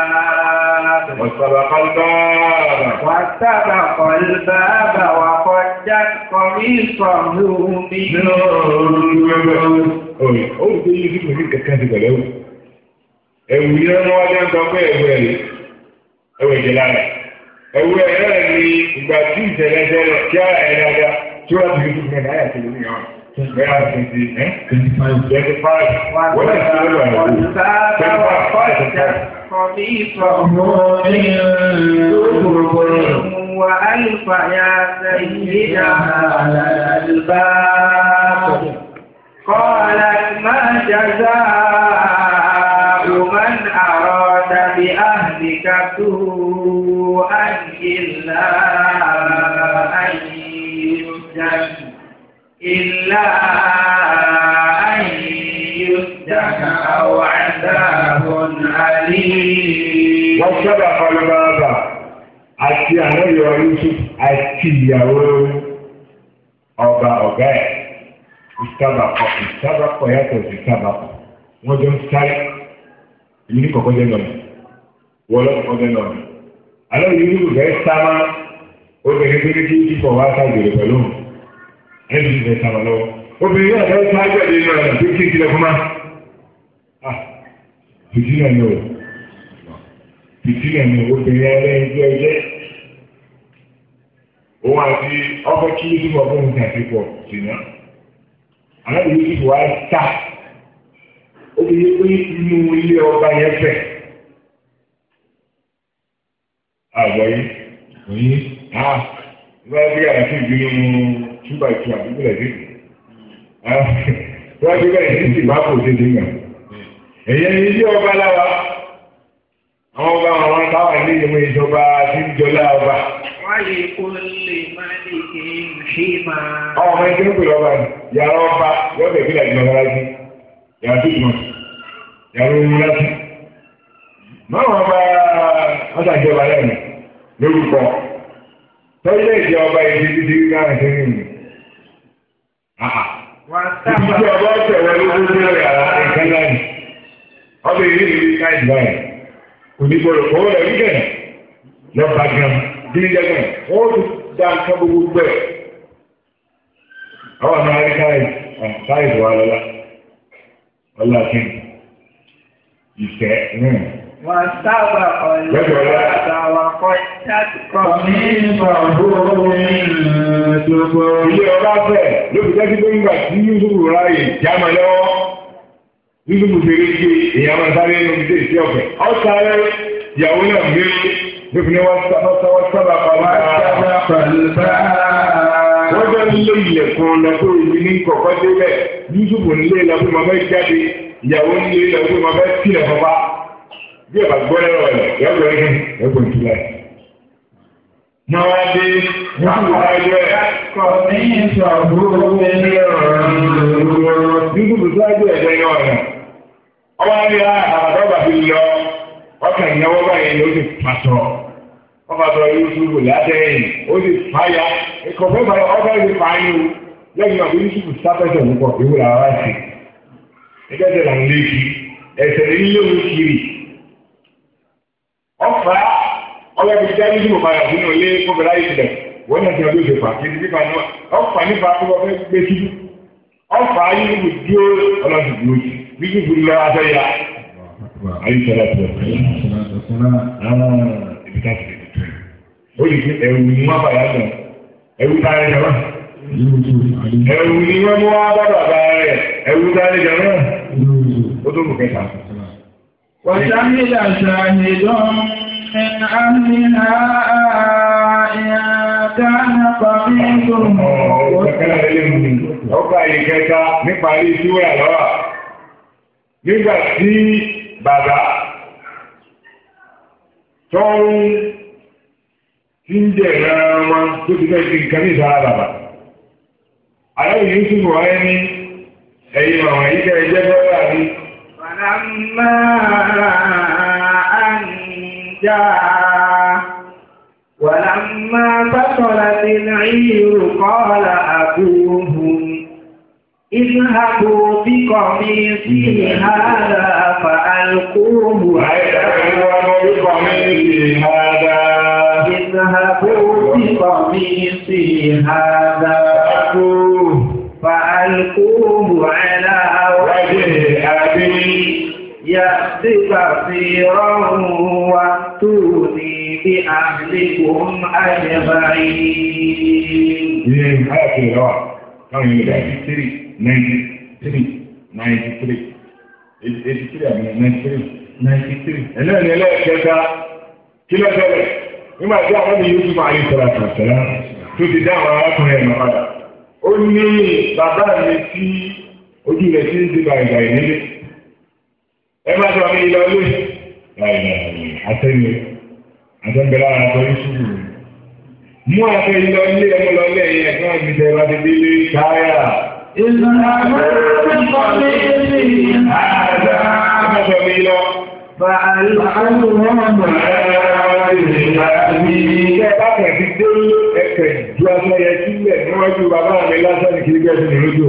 wọ́n sábà kọ́lbà. wọ́n bà wà kọjá kọ́rí sọ̀rọ̀ mi. nínú ọ̀rọ̀ ó ń gbé yín sí kò sí kẹ̀kẹ́ ti pẹ̀lẹ́ o. ẹ̀wù yẹn wọ́n wájú ń sọ pé ẹ̀wù ẹ̀ ẹ̀wù ẹ̀jẹ̀ lára ẹ̀wù ẹ̀ náà ni ìgbà tí ìṣẹ̀lẹ̀ ṣẹlẹ̀ kí ara ẹ̀ dáadáa tí wọ́n ti fi kúkẹ́ náà yà وألف يا سيدها على الباب قالت ما جزاء من أراد بأهلك سوءا إلا أن يسجن إلا أن يفتح أو عذاب أليم àti ànábì wa yusuf àti ìyàwó ọba ọgá ẹ ìsábàkọ ìsábàkọ yàtọ̀ sí ìsábàkọ wọn jọ ń sáré èmi ní kọ̀kọ́ jẹ́ wọ́n lọ́ kọ̀kọ́ jẹ́ yìí ní ẹni tí bẹ̀ẹ̀ sábà lọ́wọ́ obìnrin náà lọ́wọ́ sáájú ẹ̀dẹ́ inú ẹ̀rọ tó kí n kílẹ̀ fún ma ah, fìtínà ni o fìtínà ni obìnrin ẹlẹ́yin jẹ́ ẹjẹ́ òun àti ọkọ̀ kí yusuf ọgbọ́n ní àtìpọ̀ sínú aláàbò yusuf wa ta obìnrin pé inú ilé ọba yẹn fẹ̀ àgbọ̀yé òyìn ah ìgbà tí a ti gbé nínú two by two àdúgbò ẹ̀ wọ́n ti bẹ̀rẹ̀ sí ti báàbò dédé yàn èyẹ ni ilé ọba láwa àwọn ọba àwọn táwa ní ìwé ìjọba tí ń jọlá ọba. wáyé kó lè má lè ké ṣé máa. ọmọ ẹgbẹ́ ń pè lọ́ba yàrá ọba yọ̀bẹ̀ bí làjọ ọba lájú yàrá tó yàrá owó lájú. máa wọn ọ̀sàjọba lẹ́nu lórúkọ tọ́jú ẹ̀jẹ̀ ọba ìdílé dídí náà ṣe ń Ibi tí ọba ọ̀sẹ̀ wọlé ló dé ọ̀rẹ́ àrà nǹkan náà ni. Ọbẹ̀ yìí ni ní káyìí báyìí. Kò ní gbọdọ̀ kọ́ ọ̀rẹ́ rí gẹ̀ẹ́. Lọ́ba gan, dídí dẹ́gẹ̀, wọ́n ti dá nǹkan gbogbo gbẹ̀. Àwọn àmọ́ arí káyìí, káyìí wà lọ́la. Ọlá kí ni? Ìfẹ́ náà. وسبق الوعد وقد تتقى من ظهور سفر ilé ọba fẹ́ ló fi dájú pé nígbà tí yúdùbù ráàyè jámọ lọ́wọ́ yúdùbù fèrè gbé èèyàn máa sáré nínú ìdí ìdí ọ̀fẹ́ ọsàrẹ ìyàwó náà gbé ló fi ní wọn sábà sábà pàmò àgbà pàlú báà wọ́n jẹ́ nílé ilẹ̀kùn lọ́pọ̀ èyí ní kọ̀kọ́ débẹ̀ yúdùbù nílé lọ́pọ̀ máa fẹ́ jáde ìyàwó nílé lọ́pọ̀ máa fẹ́ sílẹ̀ fọ́fá. bí ọba gbọ́ lọ́wọ́ rẹ̀ yọ gbọ́ yẹn yọ gbọ́ ìtura yẹn. Náà wá dé wọ́n wá ẹgbẹ́ kọ ní ìṣàbúrò ní ọ̀rọ̀ dídùn tó ṣáájú ẹ̀jẹ̀ ọ̀rọ̀. Ọba ra àbàdọ́ lọ ọkà ìyàwó ti Ọba sọ látẹ̀yìn ó ti fàyà ọba ti lẹ́yìn ọ̀gbìn sáfẹ́sẹ̀ Ẹgbẹ́ ọ̀fà ọ̀yà bíi dá ní ìlú padà sínú ilé kóbìlá ìsìlẹ̀ wọ́n náà ti ọdún ìṣe fà kí nípa náà ọ̀fà nípa tó wọ́n fẹ́ gbé sí ọ̀fà yìí kò dúró ọlọ́dún dúró bí kí kúrú lọ́wọ́ afẹ́ ya. ayé sọlá tó ah, ibi ká tẹ̀lé tó yẹ. ó lè fi ẹ̀wù ni wọ́n bá yà lọ ẹ̀wù tá a lè jọ náà. ẹ̀wù ni wọ́n mú wá bá bàbá rẹ̀ ẹ̀wù tá a lè jọ náà. ó tó kù kẹta. وشهد شاهد من أهلها إن كان قميصه a ìkẹta níparí ìṣúra lọ́wà. Nígbà tí bàbá tọ́rún tí ń jẹ̀ ẹ̀rọ tó ti fẹ́ ti nǹkan ní ìsára bàbá. Aláwòye Yusuf wáyé ní ẹ̀yìn àwọn ìkẹ́ ẹjẹ́ bọ́lá ní فلما أن جاء ولما فصلت العير قال أبوهم اذهبوا بقميصي هذا فألقوه بقميصي هذا اذهبوا بقميصي هذا فألقوه يأتي بصيرا واتوني بأهلكم أجمعين. إذن هذه الرواية كان يقول 93 93 ẹlẹ́ni ẹlẹ́ẹ̀kẹta kí ló tẹ́lẹ̀ nígbà tí àwọn ọmọ yóò túnmọ̀ àyè sọ̀rọ̀ àtàtàlá tó ti dá àwọn arákùnrin ẹ̀nà padà ó ní bàbá mi tí ojú rẹ̀ ti ń di bàìbàì nílé ẹ má sọ mi lọ lé àtẹnu àtẹnbẹ̀lá àtọ ìṣubú mú àtẹ ìlọ ilé ẹmu lọ lé ẹ̀yẹ fún àmì tẹ bá ti délé káyà. ìlànà ìfọ̀ mi ní àdá. ẹ má sọ mi lọ. فألحمهم Ìjẹ́ bá kẹ̀sí dé ẹ̀kẹ̀ ju aṣọ yẹn sílẹ̀ níwájú bàbá mi lásán ìkiri bí ẹ̀sìn ìrújú.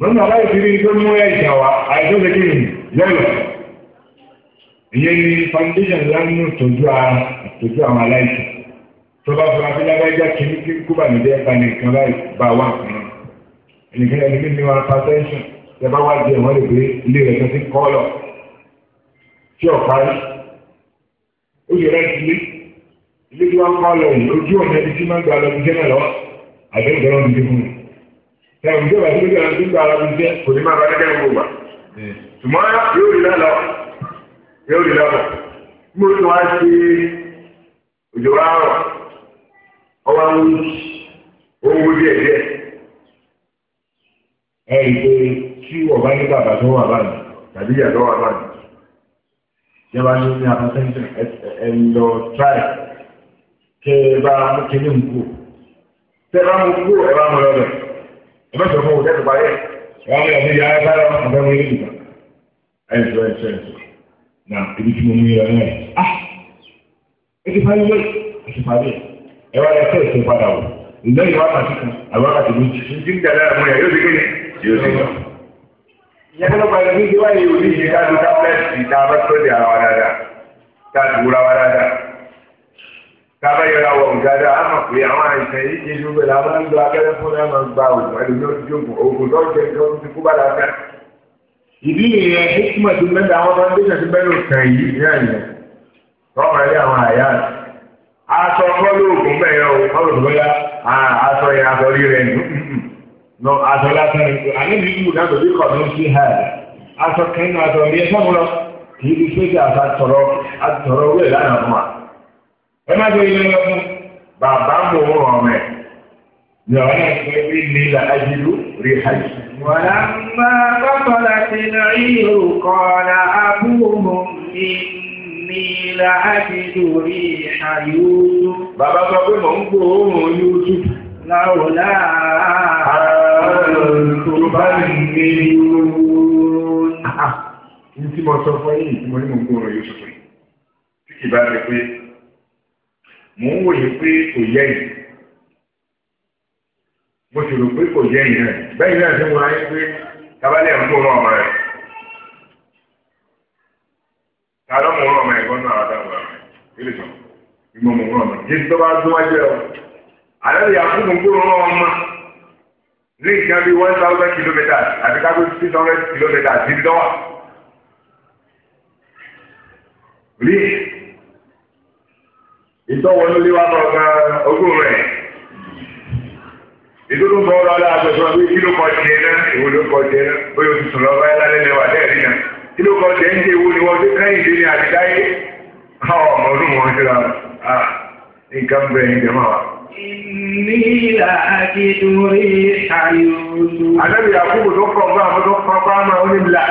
lọ́nà aláìsírí tó mú ẹ̀jà wa àìsàn ṣe kí ni lọ́lọ́ ìyẹn ni foundation lánàá tọ́jú ara tọ́jú àwọn aláìsàn tó bá fún abílágbájá kìíní kí kú bá nìjẹ́ ẹ̀ka nìkan báyìí bá wà fún un ẹnìkan ẹni bí ní wọn hypertension tẹ bá wá di ẹ̀wọ̀n lè pé ilé rẹ̀ tó ti kọ́ lọ tí ò parí ó yẹ rẹ̀ sílé ilé tí wọ́n kọ́ lọ yìí ojú ọ̀nà ibi tí máa ń lọ ẹ̀rù ìjọba tó gbé ẹ̀rù tó ara mi jẹ́ kò ní máa bá gẹ́gẹ́ gbogbo gbà. ṣùgbọ́n yóò rí lálọ yóò rí lálọ mo tún wá sí òjò wa rọ̀ ọwọ́ àwọn owó díẹ̀ díẹ̀ ẹ̀ ìgbé tí ọba ní bàbá tó wà báyìí tàbí ìyá tó wà báyìí ìjọba ní ní afẹ́sẹ́ńtẹ̀ ẹ̀ ń lọ tíráì kẹ́ ẹ bá mú kíní ń kú tẹ́ ẹ bá mú kú ẹ bá mú lọ́dọ̀ ẹgbẹ́ sọ̀rọ̀ fún òjẹ́tù parí wọn ní ọdún yàrá bára wọn bá wọn yéèyàn ẹ̀sọ́ ẹ̀sọ́ ẹ̀sọ́ na ibi tí mo mú yẹn náà ah ẹtì parí wẹ̀ ẹtì parí ẹ wá ẹsẹ̀ ẹsẹ̀ padà wọ̀ ǹjẹ́ ìwà àti kan àwọn àti mi ti ń dàgbà àwọn yàrá yóò ti kéde yóò ti lọ. ìyẹn ló parí ní ìwà yìí òní yìí ká ló ká bẹ́ẹ̀ sì ká bá tó di àwọn dáadáa ká àdúrà wa dáadáa tábà yọra wọ̀ nǹkan á mọ̀ pé àwọn àìsàn yìí kì í ṣe gbẹ̀lá máa ń lo abẹ́rẹ́ fún náà máa ń gba òògùn ẹni tó ti oògùn oògùn tó jẹ tó ti kú bàlá fẹ́. ìdí nìyẹn hikima ti mẹ́ta àwọn foundation ti mẹ́rin òkàn yìí ní àyẹ̀ tọ́mọ ilé àwọn àyà aṣọ kọ́lé òògùn mẹ́rin o wọ́n lò bóyá aṣọ yẹn aṣọ rírẹ̀ nù aṣọ lásán ni àní mi wù náà tòbí kọ̀ ló ń fi hà aṣọ kẹ́nu aṣọ yẹn sọ́mu lọ kì fi ẹ má jẹ́ ilé lọ fún bàbá mò ń rọ̀ mẹ́ yàrá náà pé bí nílà ajílú rí àyè. ولما بطلت العير قال أبوهم إني لأجد ريح يوسف بابا بابا مونغو يوسف لولا أن تبنيون ní ah, ah, tí mo sọ fún yìí tí mo ní mo ń gbóòrò yóò sọ fún yìí tí kì bá rẹ pé mò ń wòye pé kò yẹ yìí mo sì rò pé kò yẹ yìí náà bẹ́ẹ̀ náà ṣe mo ráyé pé tabalẹ̀ ń kó rán ọmọ rẹ̀ ta ló mọ̀ rán ọmọ ẹ̀gbọ́n náà àdáwọ̀ rẹ̀ kílè sọ ìmọ̀ mọ̀ rán ọmọ jésù tó bá dún wájú ẹ̀ àlẹ́ ìyá fún mi kó rán ọmọ ní nǹkan bíi one thousand kilometres àti kábí six hundred kilometres ti dọ́wà rí ìtọ́wọlú lé wá bọ̀ gan ogún rẹ̀ ìdúró bọ́ ọ́ lọ́la àgbẹ̀sọ̀ pé kí ló kọ́ tiẹ̀ náà ìwò ló kọ́ tiẹ̀ náà bóyá o ti sùn lọ́wọ́ ẹ̀ lálẹ́ lẹ́wà dẹ́ẹ̀rí náà kí ló kọ́ ń dé ewu ni wọ́n ti kẹ́yìn dé ní àdìdáyé ọmọ ọdún wọn ti ra nǹkan bẹ́ẹ̀ ní jẹ́mọ́ wa. Ní ìlà àjẹdùrí àyòlù. Àdàbí àkókò tó kọ̀ bá àwọn tó kọ́ bá máa ń ní ìlà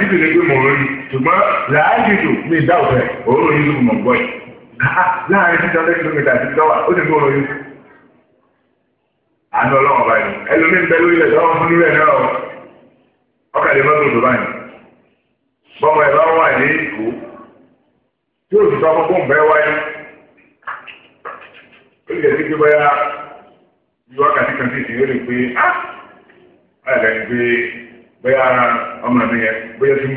ni pé mò ń ṣùgbọ́n làájìdù ní ìdáwọ̀fẹ́ òórùn yìí lùmọ̀ gbọ́ yìí láàrin six hundred kilometres àti dọ́wà ó sì gbóòrò yìí. àánú ọlọ́wọ́ báyìí ẹlòmíín bẹ lórí ilẹ̀ lọ́wọ́ fún ilé náà ọkàlẹ̀ mọ́tò tó báyìí bọ́mọ ẹ̀ bá wà ní ìkó tí ó sì sọ fún fún bẹ́ẹ̀ wáyé ó lè ti gbé báyà wákàtí kan sí ìsìn ó lè pé ah! á ni pé bẹ́ẹ̀ ara ọmọ mi bóyá ti ń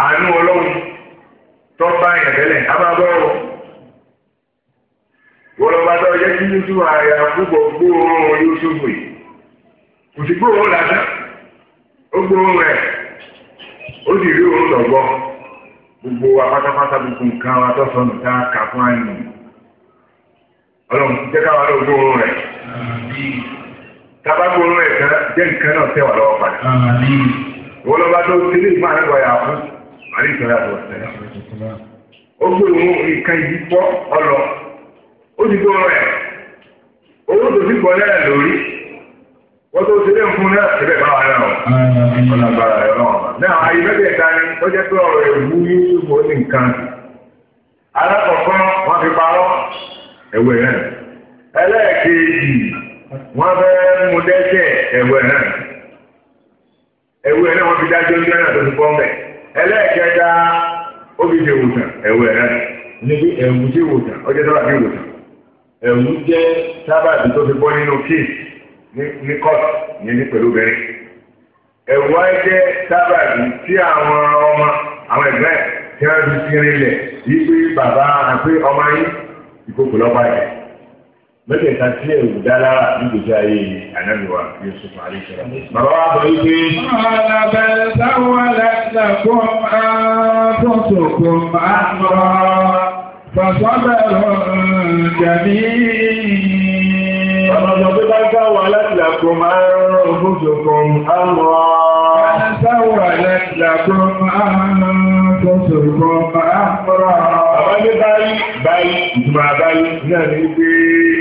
àánú ọlọ́run tó bá yàn tẹ́lẹ̀ ọrụ máa tó yẹ kí yusuf àyà gbóòórùn yìí kò sí gbóòórùn lásán ó gbóòórùn ó sì rí òun lọ́gbọ́ gbogbo wa pátápátá gbogbo nǹkan wa tó sọnù tá a kà fún ọlọ́run jẹ́ lọ gbóòórùn jẹ́ nǹkan náà lọ́wọ́ padà tó àríkìlá tó tẹ̀lé. ó gbé òun nǹkan yìí bọ́ ọlọ ó ti gbọ́ rẹ̀ owó tó ti bọ́ náírà lórí wọ́n tó ti lé fún náà síbẹ̀ bá wà náà ọ̀nà àgbàrá rẹ̀ náà náà ayé mẹ́tẹ̀ẹ̀ta ni ó jẹ́ pé ọ̀rọ̀ ìwú yíyúbọ ní nǹkan alákọ̀ọ́kọ́ wọ́n fi parọ́ ẹ̀wẹ̀ náà ẹlẹ́ẹ̀kejì wọ́n fẹ́ mú dẹ́sẹ̀ ẹ̀wẹ̀ náà ẹ̀wẹ̀ náà wọ́n fi dájọ́ ìjọ náà tó ti pọ́ mẹ́ẹ̀. ẹlẹ́ẹ̀kẹta obi di ìwòsàn ẹ̀wẹ̀ rẹ̀ níbi ẹ̀wù tí ìwòsàn ọjọ́ sábàbí tó fi nínú kíìs ní kọ́ọ̀tù yẹn ní pẹ̀lú obìnrin ẹ̀wù á jẹ́ tí àwọn ọmọ àwọn ẹ̀gbẹ́ tí wọ́n fi kiri yí pé bàbá àti ọmọ yín ìkókò mẹ́tẹ̀ẹ̀ta tí ẹ̀rù dára nígbèsí ayé ànábìwá Yusuf àríṣẹ́ra. Bàbá wa sọ wípé. Ọ̀làbẹ̀ sáwọn lẹ́sẹ̀kùn àtúntòkùn àmọ́ fàṣọ́bẹ̀rọ̀ jẹ̀mí. Bàbá sọ pé bá sáwọn lẹ́sẹ̀kùn àtúntòkùn àmọ́. Bàbá sáwọn lẹ́sẹ̀kùn àmọ́ tẹ̀sọ̀rọ̀ máa ń fọ́ra. Àwọn ilé báyìí báyìí ìtumọ̀ àbáyìí náà ní pé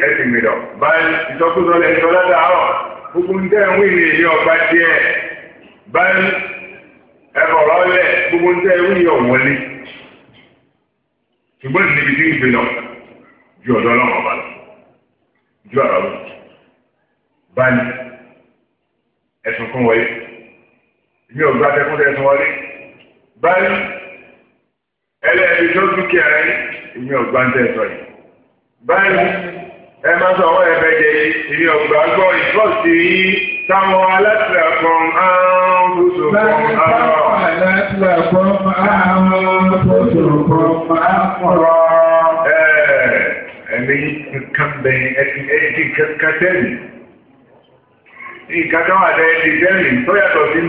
ẹ̀sìn mìíràn báyìí ìsọkúsọ lẹ́sọ̀ lọ́dàárọ̀ gbogbo ń tẹ̀ ń wí ní ilé ọgbà díẹ̀ báyìí ẹ̀kọ̀rọ̀ lẹ̀ gbogbo ń tẹ̀ ń wí ní ọ̀wọ́lé. Ṣùgbọ́n níbi tí ń gbé lọ ju ọ̀dọ́ ọlọ́run ọba lọ ju àrà lọ báyìí ẹ̀sùn kan wọlé ìmí ọ̀gbà tẹkùn tẹ̀sùn wọlé báyìí. ẹlẹ́ẹ̀dì tó dúkìá yìí èmi ọ̀gbá ń tẹ̀sọ̀ yìí. báyìí ẹ máa sọ ọwọ́ ẹ̀fẹ́ jẹ yìí èmi ọ̀gbá gbọ́ ìfọ́sí yìí táwọn alátìlẹ̀kùn áńrúsùn fún àárọ̀. alátìlẹ̀kùn áńrúsùn fún àárọ̀. ẹ̀mí nǹkan bẹ̀rẹ̀ ẹ̀dì kẹtẹ́lì nǹkan tó yàtọ̀ sí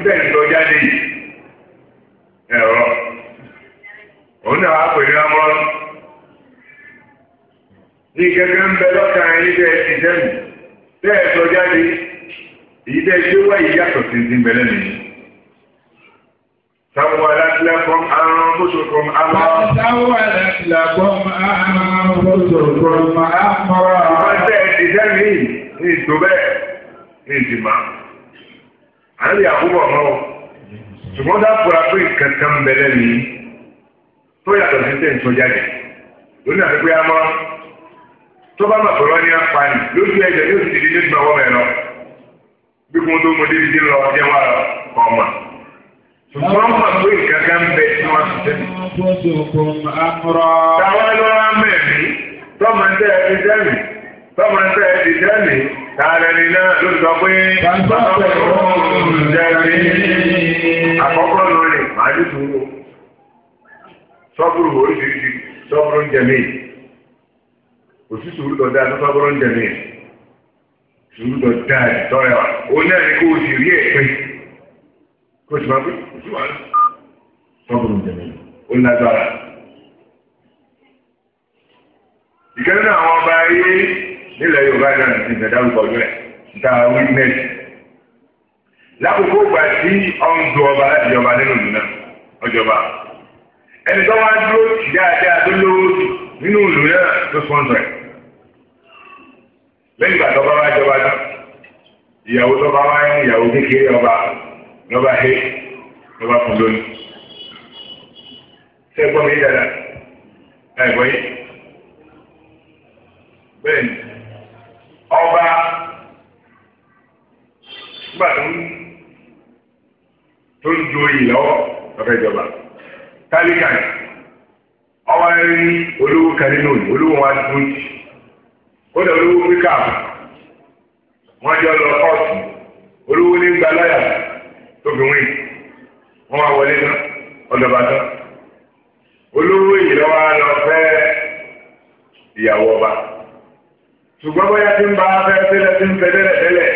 bẹ́ẹ̀ ń lọ jáde òun náà wàá pè ní ọmọ ní kẹ̀kẹ́ ń bẹ lọ́kà yín tẹ́ ẹ ti sẹ́nu tẹ́ ẹ sọ jáde èyí tẹ́ ẹ gbé wáyé yàtọ̀ sí ti bẹ̀rẹ̀ nìyí. سولت لكم أنفسكم أمرا سولت لكم أنفسكم أمرا فتأتي سمي ìtòbẹ́ ìdìmọ̀ àlẹ́ àkúbọ̀ mọ́ ṣùgbọ́n dákúra pé kankan bẹ̀rẹ̀ nìyí tó yàtọ̀ sí tẹ̀ ń sọ jáde lónìí àti pé a mọ́ tó bá mà sọ̀rọ̀ ní apani lójú ẹ̀jẹ̀ yóò sì di nígbà wọ́n mẹ́lọ bí kò tó mo débi dé lọ jẹ́ wà ọmọ ṣùgbọ́n wọ́n pé nǹkan kan bẹ tí wọ́n ti tẹ̀lé. táwọn ló rán mẹ́rin tọ́mọ ń tẹ́ tẹ́lẹ̀ tọ́mọ ń tẹ́ ẹni tẹ́lẹ̀ tààrẹ̀ni náà ló sọ pé bàbá òun jẹ́ mi àkọ́kọ́ sọ́bùrù oríṣiríṣi sọ́bùrù ń jẹ̀mí òsì sùúrù tó dáa tó sọ́bùrù ń jẹ̀mí sùúrù tó dáa tọ́ra wa ó náà ní kó o sì rí ẹ̀pẹ́ kó o sì máa fi oṣù wa sọ́bùrù ń jẹ̀mí ó lágbára. ìkẹ́lẹ́ náà àwọn ọba ayé nílẹ̀ Yorùbá náà ti fẹ̀dá lùkọ́jú rẹ̀ níta wíńdẹ́sì lákòókò gbà sí ọ̀ǹdù ọba láti jọba nínú ìlú náà ọjọba ẹni tó wá dúró tì dáadáa tó lówó tì nínú ìlú náà tó sponsor ẹ̀ lẹ́yìn ìgbà tó bá wá jọba dùn ìyàwó tó bá wá ní ìyàwó kékeré ọba lọ́ba he lọ́ba fún lónìí ṣé ẹ gbọ́ mi dáadáa ẹ gbọ́ yìí bẹ́ẹ̀ ni ọba nígbà tó ń ju oyè lọ́wọ́ lọ́fẹ́ ìjọba. tálíkà ní olówó kẹrin olówó wa dúró jì ó lọ olówó píkà wọn jọ lọ olówó ní gba wọn wá wọlé náà ọ̀dọ̀bà olówó yìí lọ fẹ́ ìyàwó ọba ṣùgbọ́n bóyá tí ń bá fẹ́ tẹ́lẹ̀ tí ń fẹ́ tẹ́lẹ̀ tẹ́lẹ̀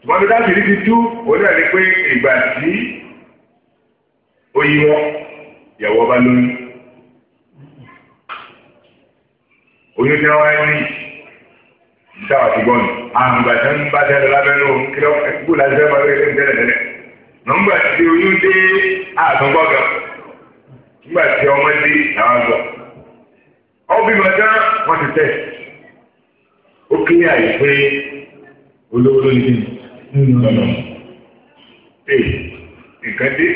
ṣùgbọ́n bí dáàbì rí ti tú òun náà ní pé ìyàwó ọba lóyún oyún tí wọ́n wáyé ní ìṣàwà ti gbọ́nù àǹgbàtà ń bá tẹ́lẹ̀ lábẹ́nu kílọ̀ ẹ̀kú láti fẹ́ máa lóye tẹ́lẹ̀ tẹ́lẹ̀ nọ́mbà tí oyún dé àtúngbọ́gà nígbà tí ọmọ dé àwọn àgbọ̀ ọbìnrin ọjà wọn ti tẹ̀ ó kílẹ̀ àyè pé olówó ló ní nínú ọ̀nà nǹkan dé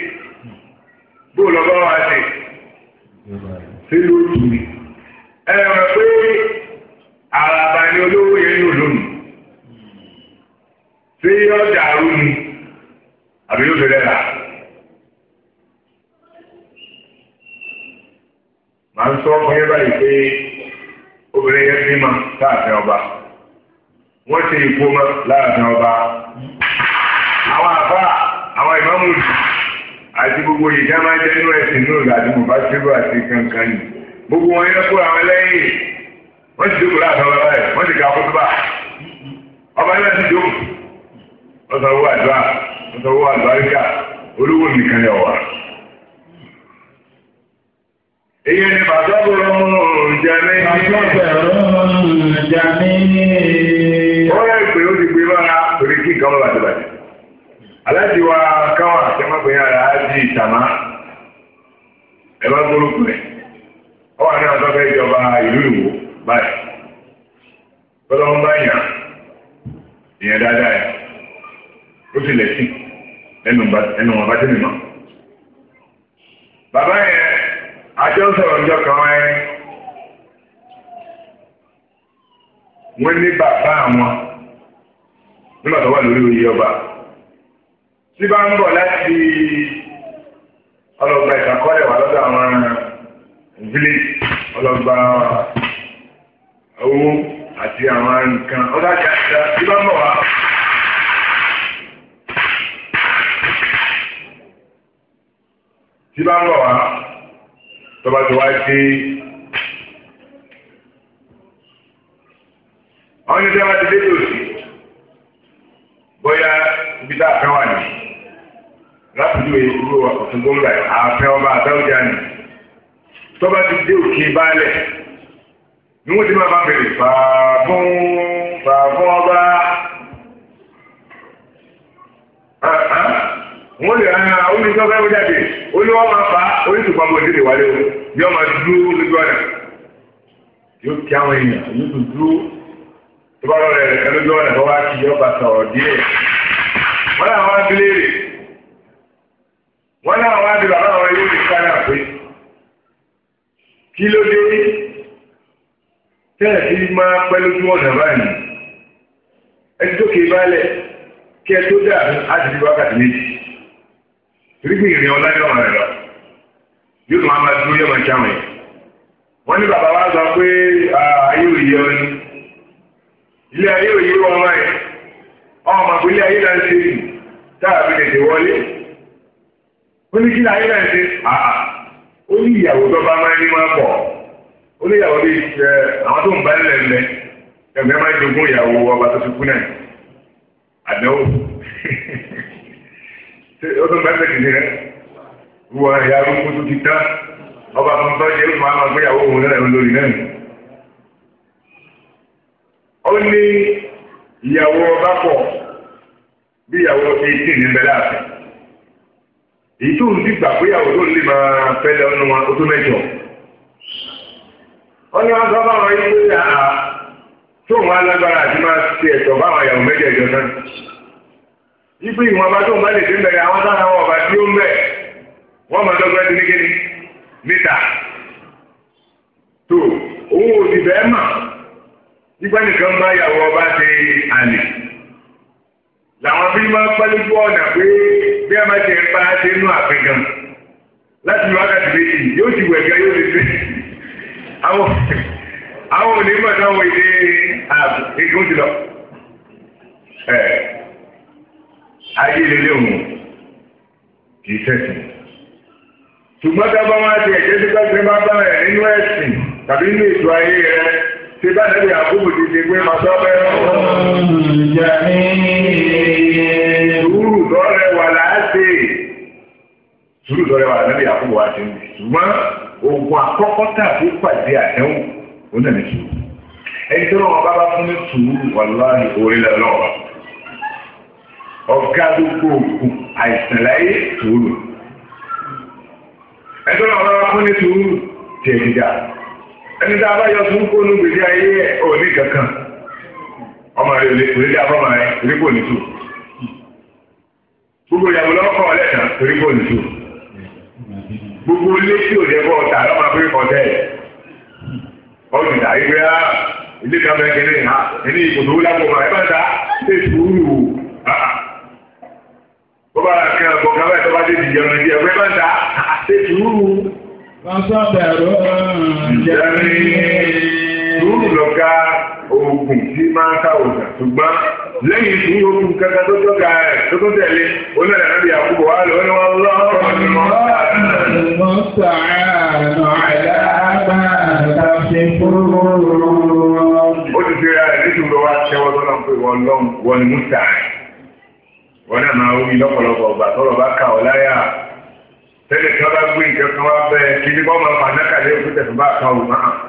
bó lọ bá wà sí sí ló tù mí ẹ rẹ pé àràbà ni olówó yẹn yóò lónìí sí ọjà àrú ni àbí yóò fẹ́ lẹ́la. màá sọ fún yín báyìí pé obìnrin yẹn bímọ láàfin ọba wọ́n ṣe ìkómọ láàfin ọba àwọn àbá àwọn ìmọ̀mù àti gbogbo ìjà máa jẹ́ inú ẹ̀sìn inú ìlà àti mọ̀bá síbò àti kankan ni gbogbo wọn yẹn kó àwọn lẹ́yìn wọ́n ti dókòó láàbọ̀ bàbá rẹ̀ wọ́n ti ka kótó bá ọba náà ti dókòó wọ́n sọ owó àdúrà wọ́n sọ owó àdúrà olówó nìkan yà wà. èyí ni bàtà bọ̀rọ̀ mọ̀ ọ̀rùn mi. bàtà bọ̀rọ̀ mọ̀ ọ̀rùn jẹ́ ẹ bá gbórúkú rẹ̀ ọ wà ní àtọ́fẹ́ ìjọba ìlú ìwò báyìí tọ́lọ́ ń bá yàn ìyẹn dáadáa yẹn ó sì lẹ̀ sí ẹnu wọn bá tẹ̀lé mọ́. bàbá yẹn àjọ sọ̀rọ̀ ọjọ́ kan ẹ wọ́n ní bàbá àwọn nígbà tó wà lórí oyè ọba tí bá ń bọ̀ láti ọlọ́gba ìtàkọ́lẹ̀ wà lọ́dọ̀ àwọn village ọlọ́gba owó àti àwọn nǹkan ọlọ́jà ìjà tí wọ́n mọ̀ wá. tí bá ń lọ wá tọba tí wáá dé àwọn oníṣẹ́ wá ti dé tòsí bóyá ibi tá a fẹ́ wà nìyí láti lóye ìlú ọ̀tún gómìnà àfẹ ọba àtàwùjá ni tọ́ba ti dé òkè balẹ̀ ni wọ́n ti máa bá bẹ̀rẹ̀ fàáfún fàáfún ọba wọ́n lè ara oníṣẹ́ fẹ́ wọ́n jáde ó ní wọ́n máa fà á oníṣùpá bó ti lè wálé o bí wọ́n máa dúró lójú ọ̀nà yóò kí àwọn èèyàn yóò tún dúró tó bá lọ rẹ̀ rẹ̀ lójú ọ̀nà tó wá kí yọ̀ọ́ bàtà ọ̀díẹ̀ wọ́n làwọn abiléèrè wọ́n ní àwọn àbí bàbá àwọn ilé ìlú sáyà pé kí ló dé tẹ́ẹ̀ fi máa pẹ́ lójú ọ̀nà báyìí ẹ ti tókè balẹ̀ kí ẹ tó dà á ti di wákàtí méjì rígbìn ìrìn ọ̀la ní ọ̀rọ̀ rẹ̀ lọ yóò tún á máa dúró yóò máa jáwé wọ́n ní bàbá wa sọ pé ayé òye ọ ni ilé ayé òye wọn wáyé ọmọ àgbélé ayé náà ń ṣe tààbí tètè wọlé ó ní kí ni ayé náà ṣe àà ó ní ìyàwó tó bá máa ń ní máa bọ̀ ó ní ìyàwó bí ẹ àwọn tó ń bá ẹlẹ́ ńlẹ ẹ̀mí máa ń jogún ìyàwó ọba tó ti kú náà àdánwò ó tó ń bá ẹlẹ́ kìíní rẹ wọ ẹ̀yà arúgbó tó ti tán ọba tó ń tọ́ yẹ fún àwọn àgbéyàwó òun náà lórí náà ó ní ìyàwó ọba pọ̀ bí ìyàwó eighteen ní bẹ́ẹ̀ láàfin èyí tó ń dìgbà pé àwọn tó lè máa fẹ́ lọ nínú wọn tó mẹ́jọ. wọ́n ní wọ́n sọ báwọn yìí pé à tóun alágbára àti máa ṣe ẹ̀tọ́ báwọn àyàwó mẹ́jẹ̀ẹ̀jọ náà. ibi ìwọ̀n bá tóun bá lè dé mẹ́rin àwọn táwọn àwọn ọ̀bà tí ó ń bẹ̀ wọ́n máa dọ́gba ẹni nígbẹ́ni níta. tó òun ò sì bẹ́ẹ̀ mà nígbà nìkan bá yàwó ọba ṣe àlè làwọn bí máa pálí bọ́ọ̀nà pé bí a máa ti ń bá ṣe inú àfẹ́gàn láti wákàtí méjì yóò ti wẹ̀ gan yóò lè fẹ́. àwọn àwọn onímọ̀ táwọn ilé ìgbó ti ayé lélẹ̀ òun kì í sẹ́sìn. ṣùgbọ́n tá a bá wá ti ẹ̀jẹ̀ tó bá máa bá rẹ̀ nínú ẹ̀sìn tàbí nínú ètò ayé rẹ̀ ṣe bá lẹ́yìn àkókò ti ṣe pé màá sọ fẹ́. ó sùúrù lọ́rẹ́ wa lẹ́bi àkókò wa ti ń bì ṣùgbọ́n oògùn àkọ́kọ́ tàbí pàdé àdéhùn ó nà ní sùúrù ẹni tó lọ́wọ́ bá bá fún ní sùúrù wàláhì orí lẹ́ lọ́wọ́ ọ̀gá gbogbo òògùn àìsàn láyé sùúrù ẹni tó lọ́wọ́ bá bá fún ní sùúrù tiẹ̀ ẹni tá a bá yọ sùúrù kó nu gbèsè ayé ẹ̀ ò ní kankan ọmọ rẹ̀ ò lè dá fọ́mọ rẹ̀ torí kò ní sùúrù gbogbo ìyàwó lọ́kọ̀ ọ̀lẹ́sàn torí kò ní sùúrù gbogbo ilé tí ò jẹ́ bọ́ ọ̀tà lọ́mọ pé ọ̀tẹ̀ ọ̀dùnà ìgbé á ilé kan bẹ́ẹ̀ kẹ́lẹ́ ha ẹni ìkòtò wúlá kò máa ẹ bá ta ṣe sùúrù bó bá kí ẹ bọ̀ káwé tó bá dé ìdíje ọ̀nà ìdíje ẹ bá ta ṣe sùúrù. wọ́n sọ bẹ̀rù ọ̀hún jẹ́rìí. sùúrù lọ́ka oògùn tí máa ń ká òòjà ṣùgbọ́n lẹ́yìn tí ó kún kẹta tó tọ́ka rẹ̀ tó tó tẹ̀lé onílẹ̀ nàbí àkókò wà lọ ní wọn lọ ọ̀rọ̀ ni wọn. mo sàánù àyàbá àtàfin fúrúrú. ó ti fi ra rẹ̀ nítorí wa ṣẹ́wọ́ tó náà pé wọ́n lọ́n wọ́n ni mú sàánù. wọ́n náà máa wí lọ́pọ̀lọpọ̀ ọgbà tọ́lọ̀ bá kà ọ́ láyà tẹ́lẹ̀ tí wọ́n bá gbé ìjọ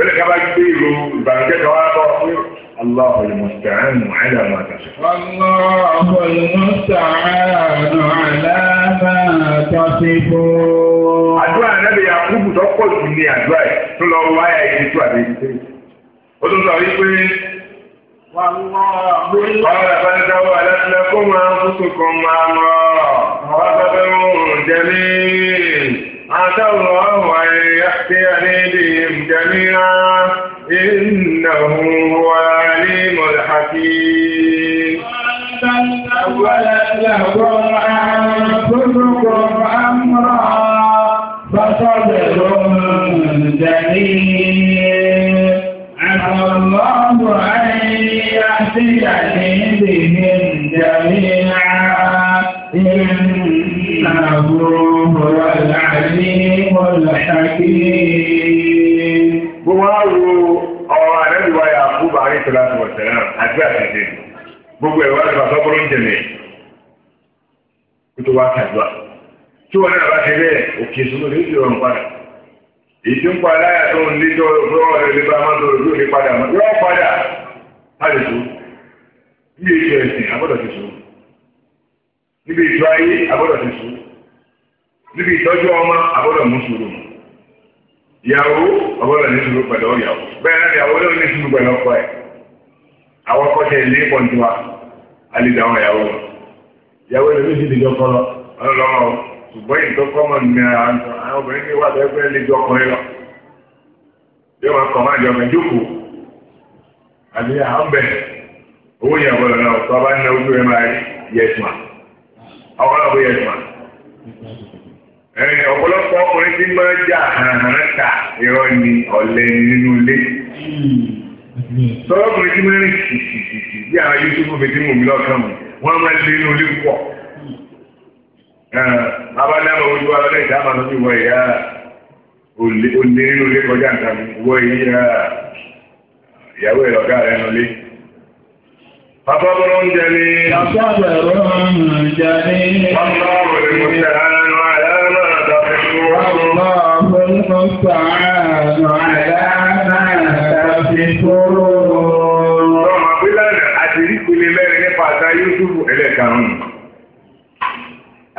pẹ̀lẹ́ ká bá gbé ìlú ìbànújẹ́ kan wá bọ̀ pé الله المستعان على ما تصفون الله المستعان على ما تصفون àdúrà Ànábì Yákúbù tó pọ̀ jù ní àdúrà ẹ̀ tó lọ wáyà ìdí tó àbí ìdí ó tún sọ wípé قال فسولت لكم أنفسكم أمرا وصبر جميل عسى الله أن يأتيني بهم جميعا إنه هو العليم الحكيم أولت لهم أنفسكم أمرا فصبر جميل الله أن بهم جميعا إنه هو الحكيم بمارو أو أنا بوا يعقوب عليه الصلاة والسلام أتباع سنتين gbogbo ẹ̀wá ló bá sọ́kúrú ń tẹ̀lé kó tó wá kàdúrà tí wọn náà bá ṣe bẹ́ẹ̀ òkè sunu ló ti rọrùn padà èyí ń pa aláyà tó ń lé tó lọ́wọ́ rẹ̀ lè bá má tó lójú òní padà mọ́ padà má tó níbi ètò ẹ̀sìn agbọ́dọ̀ ti sùn níbi ètò ayé agbọ́dọ̀ ti sùn. níbi ìtọ́jú ọmọ àbọ̀dọ̀ mú sùúrù ìyàwó àbọ̀dọ̀ ní sùúrù pẹ̀lú ọ̀yàwó bẹ́ẹ̀ ìyàwó lóun ní sùúrù pẹ̀lú ọkọ ẹ̀ àwọn akọ́ṣẹ́ ilé pọ̀ wa alìdá àwọn ìyàwó wọn ìyàwó ẹ̀ lóṣù ìdíjọ́ kọ́ lọ ṣùgbọ́n ní àwọn obìnrin ní bẹ́ẹ̀ lé jọ ọ̀pọ̀lọpọ̀ ọkùnrin tí máa ń jà àràrà ta irọ́ ni ọ̀lẹ nínú ilé. sọ́wọ́ ọkùnrin tí máa ń rìn kìkìkìkì bí àwọn yusuf mi ti mú mi lọ́kàn mu wọ́n máa lé inú ilé pọ̀. abájáde ojú wa lọ́dẹ̀ ìjà máa lọ́dún ìwọ ìyá olè nínú ilé kọjá nǹkan mi ìwọ ìyá ìyàwó ẹ̀ lọ́gá rẹ̀ nulẹ̀. Bàbá bọ́lá ń jẹ ní. Bàbá bọ́lá ń jẹ ní. Bàbá bọ́lá ń jẹ ní. المستعان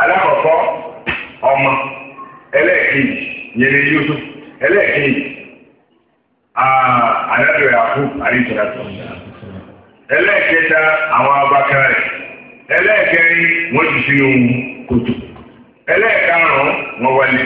alákọ̀ọ́kọ́ ọmọ ẹlẹ́ẹ̀kejì yẹn ni ẹlẹ́ẹ̀kejì ànádọ̀ yàkú àríṣọ́dàtọ̀ ẹlẹ́ẹ̀kẹta àwọn abakẹ́rẹ́ ẹlẹ́ẹ̀kẹrin wọ́n ti sínú kòtò ẹlẹ́ẹ̀karùn-ún wọ́n wálé.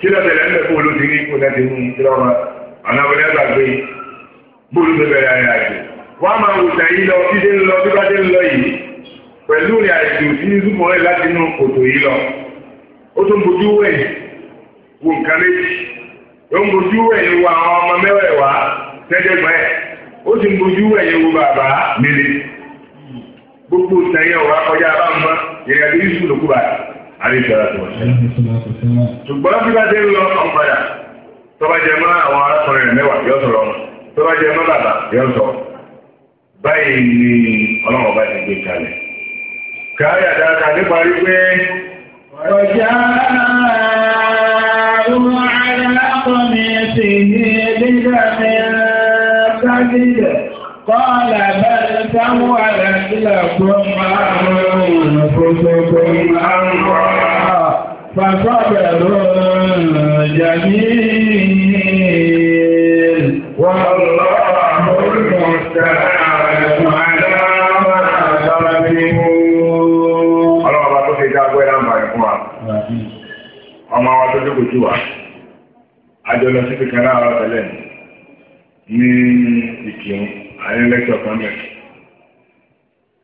kí ló tẹ̀lé ń bẹ̀ fún olóòtú ní ipò náà ti mú kí lọ́wọ́ ọ̀nà wọlé ẹgbà gbé bóòlù tó bẹ̀rẹ̀ àyà jù wọ́n á wa wò sàn yí lọ bí dé ń lọ bí bá dé ń lọ yìí pẹ̀lú rẹ̀ àìsù sí zúmọ̀ rẹ̀ láti inú kòtò yìí lọ ó tún bójú wẹ̀ wò nǹkan méjì ó ń bójú wẹ̀ wo àwọn ọmọ mẹ́wẹ̀ẹ̀wá tẹ́dẹ́gbẹ́ ó sì wo bàbá mélé gbogbo sàn yẹn wà kọjá bá ń mọ ìrìn àjò yìí sùn lókùbà àríṣọ́lá tó wọ́n ṣẹlẹ̀. ṣùgbọ́n bí bá ti ń lọ ọ̀n padà tó bá jẹ mọ́ àwọn arákùnrin rẹ̀ mẹ́wàá yóò sọ̀rọ̀ wọn tó bá jẹ mọ́ bàbá yóò sọ báyìí ni ọlọ́run bá ti gbé kalẹ̀. káyà dáadáa nípa rí ọjà àwọn arákùnrin sì ní ẹgbẹ́ mi ń sábìlẹ̀ kọ́ làbá. الأموال لكم أنفسكم أمرا فصبر جميل والله المستعان على ما تصفون ọlọ́run bá tó ṣe ọmọ wa tó dúkùú jù àjọ lọ sí kíkan láàárọ̀ tẹ́lẹ̀ ní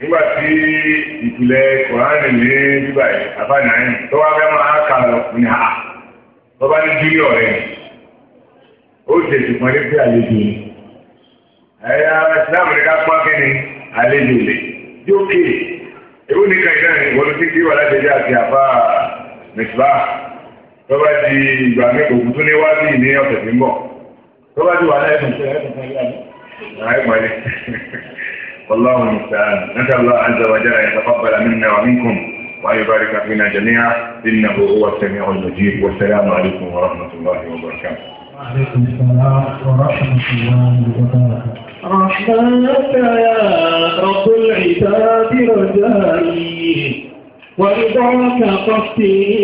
nígbà tí ìpìlẹ̀ kòránì lé bíbà yìí àbáyà tó wá fẹ́ máa kà lọ ní ha ah, tó bá ní jírí ọ̀rẹ́ ó ṣe ní pé àlejò ni ẹ̀yà ni ní kan kí wà láti ẹjẹ́ àti tó bá di ìgbà mi tó ní ọ̀sẹ̀ والله المستعان نسأل الله عز وجل أن يتقبل منا ومنكم وأن يبارك فينا جميعا إنه هو السميع المجيب والسلام عليكم ورحمة الله وبركاته وعليكم السلام ورحمة الله وبركاته رحمتك يا رب العباد رجائي وإذا تقفتي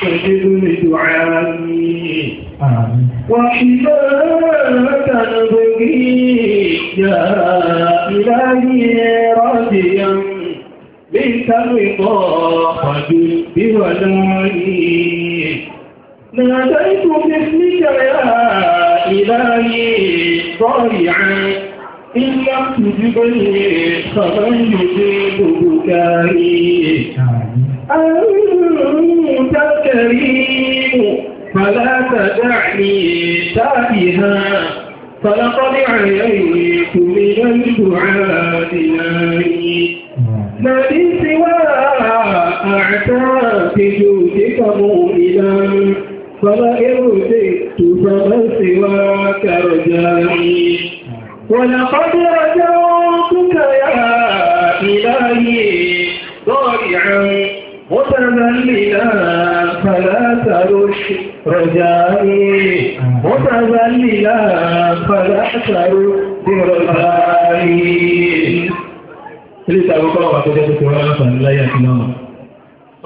فاستجبني دعائي وإذا تنبغي يا إلهي راضيا بك الرضا فجد بولائي ناديت باسمك يا إلهي ضريعا Ilé ìdíbò ní ìsọ̀rọ̀ ìdíbò gbogbo kárí. Àrùn tákàrí fàlátàdáàrí tàbí ha, fàlápọ́lẹ̀ àyẹ̀yẹ̀ kò lè lọ́lùkù àdìlárí. Nàbí ti wá àtàkì yóò dé tó fàlá sí wá kàrọ̀ járí. ولقد رجعتك يا إلهي ضارعا فلا ترش رجائي متذللا فلا ترش برجائي ilé ìta gbogbo àwọn àtọ́jọ́ tó ti wá láǹfààní láyé àti náà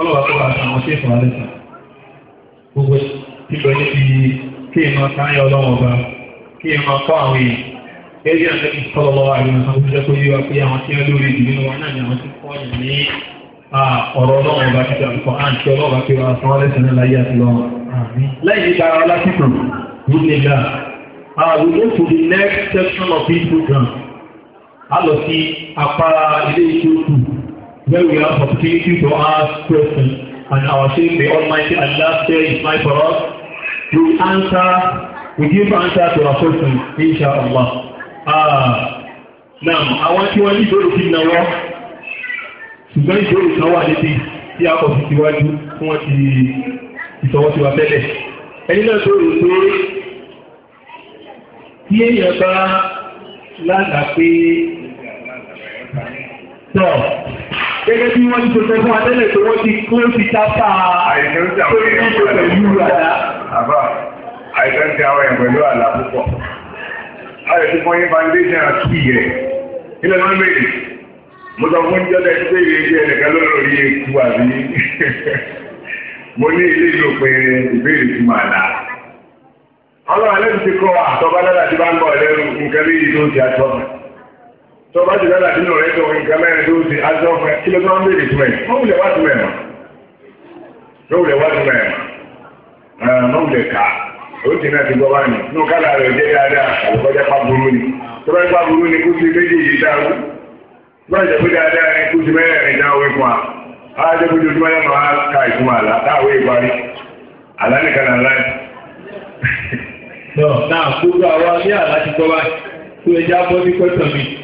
ọlọ́wà tó bá àwọn ṣe fún alẹ́ sàn gbogbo kí n kọ́ àwọn èèyàn eré àtẹ́kì sọ́lọ́lọ́ àyẹ̀wò àwọn tó jẹ́ kó yíwa pé àwọn tí wọ́n lórí ìdílé wọn náà ni àwọn tí kọ́ ọ̀yàn ní ọ̀rọ̀ ọlọ́run ọba títí àlùkò àǹtí ọlọ́run àti ọ̀rọ̀ àfọwọ́ lẹ́sẹ̀ náà láyé àti lọ́wọ́. láì ní bára wa lásìkò yìí ní gbà we go to the next section of this program a lọ sí apá ilé iṣẹ́ òkú where we have opportunity to ask questions and our faith the almighty Allah say is my for us we answer we give answer to our questions inshallah. Ah, náà àwọn tí wọ́n ní ìṣòro fi náwọ́ ṣùgbọ́n ìṣòro kan wà níbi tí a kọ̀ sí síwájú tí wọ́n ti ìṣọwọ́ ti wà tẹ́lẹ̀ ẹni náà tó rò pé tí èèyàn bá ládàá pé tọ̀ gẹ́gẹ́ bí wọ́n ti tó sọ fún wa tẹ́lẹ̀ tó wọ́n ti kúrò sí tápá àìsàn tí àwọn èèyàn pẹ̀lú àlá. àìsàn tí àwọn èèyàn pẹ̀lú àlá púpọ̀ láyé tí wọ́n yé foundation àti yẹ ilẹ̀ náà méjì mo sọ fún jọ́dá ẹni pé ìwé ìwé ẹnìkan ló lórí eku àbí mo ní ilé ìlú pé ìbéèrè tí màá là. ọlọ́run alẹ́ ti kọ́ àtọ́ba dára tí bá ń bọ̀ lẹ́rù nǹkan méjì tó ti aṣọ fún tó bá ti dára nínú rẹ̀ tó nǹkan mẹ́rin tó ti aṣọ fún kí ló tó béèrè tó mẹ́rin mọ́ wá tó mẹ́rin mọ́ ká. oji náà ti gbọ́bá ní inú kálá rẹ̀ jẹ́ dáadáa àlùkọ́jà pàbùrú ni tó bá pàbùrú ni kó ti méjì yìí dáwó bá jẹ́ pé dáadáa ni kó ti mẹ́rẹ̀ẹ̀rin dáwó fún wa á ka ìtumọ̀ àlá taa ìparí àlá nìkan náà láì. náà gbogbo àwa ní àlá ti tó ẹja bọ́ ní pẹ́tọ̀ mi.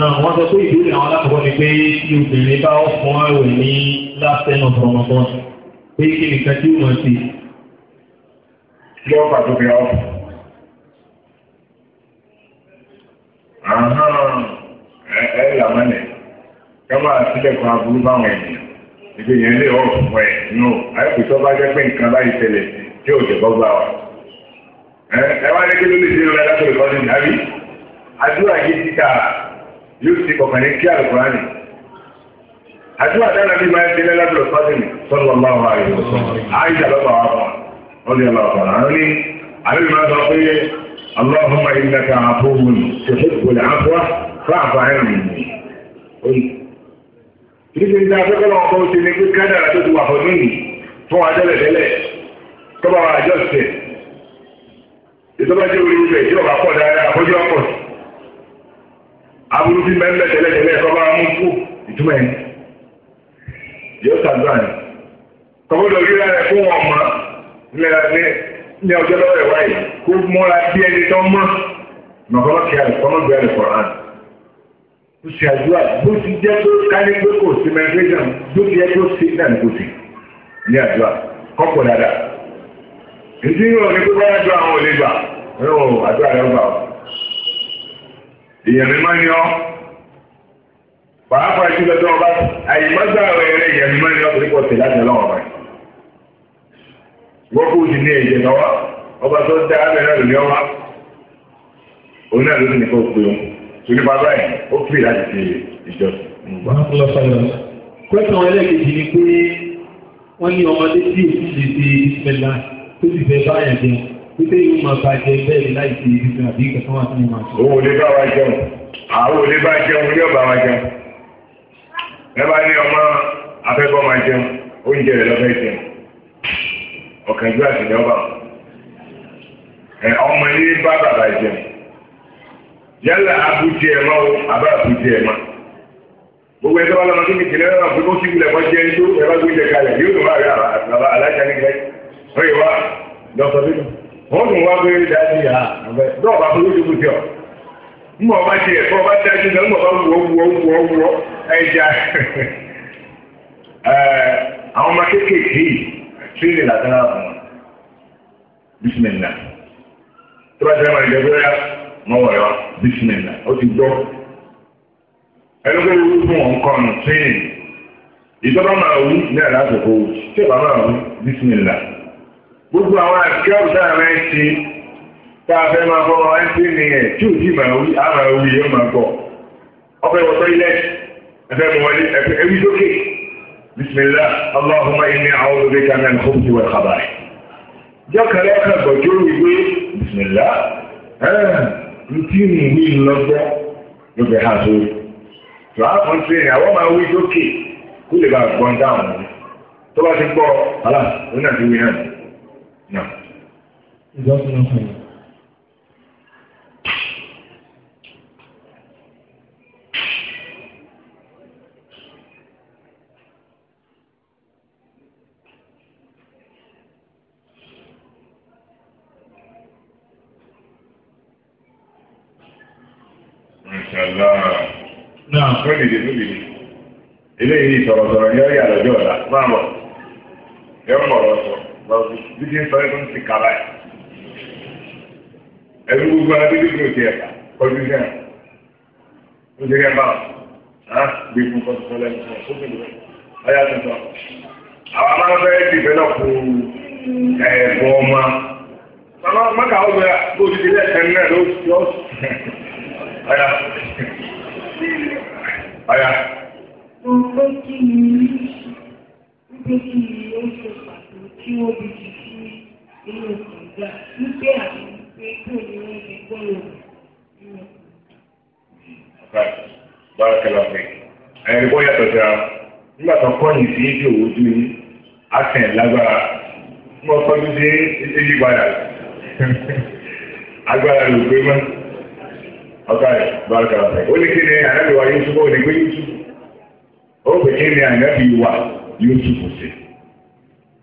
náà wọ́n sọ pé ìbéèrè àwọn alákọ̀ọ́kọ́ ni pé tí obìnrin bá fọ́n ẹ̀wẹ̀ ní last ten of Ramadan pé kí nìkan tí ó mọ̀ sí. yóò bá tóbi ọ́. ẹ ẹ làmọ́lẹ̀ ká máa sílẹ̀kùn aburú báwọn ènìyàn ìgbé yẹn lè ọ̀ fún ẹ̀ nù àìkú tó bá jẹ́ pé nǹkan báyìí tẹ̀lẹ̀ tí ò jẹ́ bọ́gbà wa. ẹ wá ní kí ló lè dé ọ̀la látọ̀ ìkọ́ni àbí àdúrà yìí ti ta yóò ti kọ̀kan ní kí àlùkùránì. àdúrà dáná bí máa ń ṣe lẹ́lábìlọ̀ fásitì sọ́dọ̀ máa wà rẹ̀ àìsà lọ́pàá wà fún wọn ní ọlọ́pàá àwọn ní àlejò máa sọ pé aláhùnmá ilẹ̀ kan àfọwọ́ ni ṣèṣe ìgbòlẹ̀ àfọwọ́ fún àfọwọ́ a fẹ́ kọ́ lọ́wọ́ bọ́ pé wà fún fún wa tẹ́lẹ̀ tẹ́lẹ̀ wa jẹ́ orí ibẹ̀ yóò bá pọ̀ dáadáa ọ̀pọ̀ sí. aburú bí mẹ́lẹ̀ tẹ́lẹ̀tẹ́lẹ̀ ẹ̀kọ́ bá mú kú ìtumọ̀ ẹ̀ yóò ṣàdúrà ni kọ́kọ́dọ̀ rí rẹ̀ fún wọn mọ́ ní ọjọ́ lọ́wọ́ ẹ̀wá yìí kó mọ́ra bí ẹni tó mọ́ nọ̀kọ́lọ́kì àlùkọ́mọ́gbé àlùkọ́rán ó ṣe àdúrà bó ti jẹ́ tó káyé pé kò sí mẹ́rẹ́gàn bó ti yẹ kó sí náà ní kò sí ní àdúrà kọ́pọ̀ dáadáa èyí yóò ní kó bá yá àdúrà àwọn ò lè gbà ẹ̀rọ àdúrà rẹ̀ ń gbà ọ́ èèyàn mímọ́ ni ọ́ pàápàá jùlọ tó ọba àyèmọ́gbà rẹ̀ rẹ̀ èèyàn mímọ́ ni ọ́ torí pọ̀ tẹ̀ láti ọlọ́wọ́ rẹ̀ wọ́n kú sí ní ẹ̀jẹ̀ lọ́wọ́ ọba tó dá abẹ́rẹ́ rẹ̀ lọ́wọ́ òun náà ló sì ní kó pé o torí bàbá yìí ó pè láti fi ìjọsìn. pẹ́sàn ẹlẹ́gẹ̀dì ni pé wọ́n ní ọmọdé tí èsì lè ṣe ìsìnlá tó sì fẹ́ báyà jẹun Títí yóò máa bàjẹ́ bẹ́ẹ̀ láì sí ibi tí àbí ìkẹ́kọ̀ọ́ wà fún ìmọ̀ àti. Owó olè bá wa jẹun. Àwọn olè bá jẹun ní ọ̀bà wa jẹun. Ẹ bá ní ọmọ afẹ́kọ̀ọ́ máa jẹun, oúnjẹ rẹ̀ lọ́fẹ́ jẹun. Ọ̀kàn ìjú àti ìjọba. Ẹ ọmọ yìí bá bàbá jẹun. Yálà abújẹ ẹ̀ máa wo àbá abújẹ ẹ̀ máa. Gbogbo ẹgbẹ́ wa lọ́mọ tó kékeré náà fún kó síbulẹ̀ kọ́ jẹ́ ẹjọ́ ẹ bá gbé jẹ kalẹ̀ yóò tó máa rí nígbà yìí. Ó lọ́sọ̀ọ́ wọ́n nwa wá pé dájú yà dọ́ọ̀bà bụ lójú kùtì ọ̀ mbọ̀ ọba dị kọ́ ọba dị náà mbọ̀ bá wúwọ́ wúwọ́ wúwọ́ wúwọ́ ẹja àwọn ọmọ kéékèèké yìí tí ní mọ́ wọ̀ yọ ó ti gbọ́ fún kọ́ ọ̀nà tí ìjọba máa wú ní gbogbo àwọn àṣìkẹ́ ọ̀dá rẹ̀ ṣe tá a fẹ́ máa bọ́ ẹ sí ni ẹ̀ tí ò sì máa wí á máa wí yóò máa bọ̀ ọfẹ́ wọ tọ́ílẹ̀ ẹfẹ́ mọ wọlé ẹfẹ́ ẹwí sókè bisimilá aláhùnmá ilé àwọn olóde kanáà ní kókò tiwọ̀ ẹ̀ka báyìí. ìjọ kẹrẹ ọkọ àgbọ̀jọ́ ìwé bisimilá ntí ni ìwé ńlọgbọ́ ló fẹ́ hà sórí. tó a fún sí ni àwọn bá ti gbọ́ ọ̀la ó náà ti wí نعم جزاك الله خير lónìí lónìí eléyìí sọ̀rọ̀sọ̀rọ̀ ni ó yà lọ́jọ́ ọ̀la máa mọ̀ yọ mọ̀rọ̀ sọ. dídí sọ ẹ tó ń ti kàrà ẹ ẹbí gbogbo adébí tó ti ẹ̀ka kọjú sí ẹ̀ ó ti rí ẹ báwọn á gbé fún kọjú sọ lẹ́nu sọ ó ti lù ẹ ọyá tuntun àwọn amáfẹ́ dìbẹ́lọ́pù ẹ̀bùn ọmọ ọmọ mọ́kà ó gbé bóòdì ilé ẹ̀sẹ̀ náà ló ti ọ́ ọyá ọyá. Mo fẹ́ kí ni ó ṣe kí wọ́n lè jù sí inú kànga wípé àti wípé kí òní wọ́n lè gbọ́rọ̀ inú kànga. bára kẹlẹ ọ̀fẹ́ ẹni bóyá ra nígbà tó kọ́ ní yìí á lágbára agbára ló mọ́ ọ̀gá rẹ̀ bára kẹlẹ ó ní kí ni ànábìwá ní ó pè ànábìwá sí.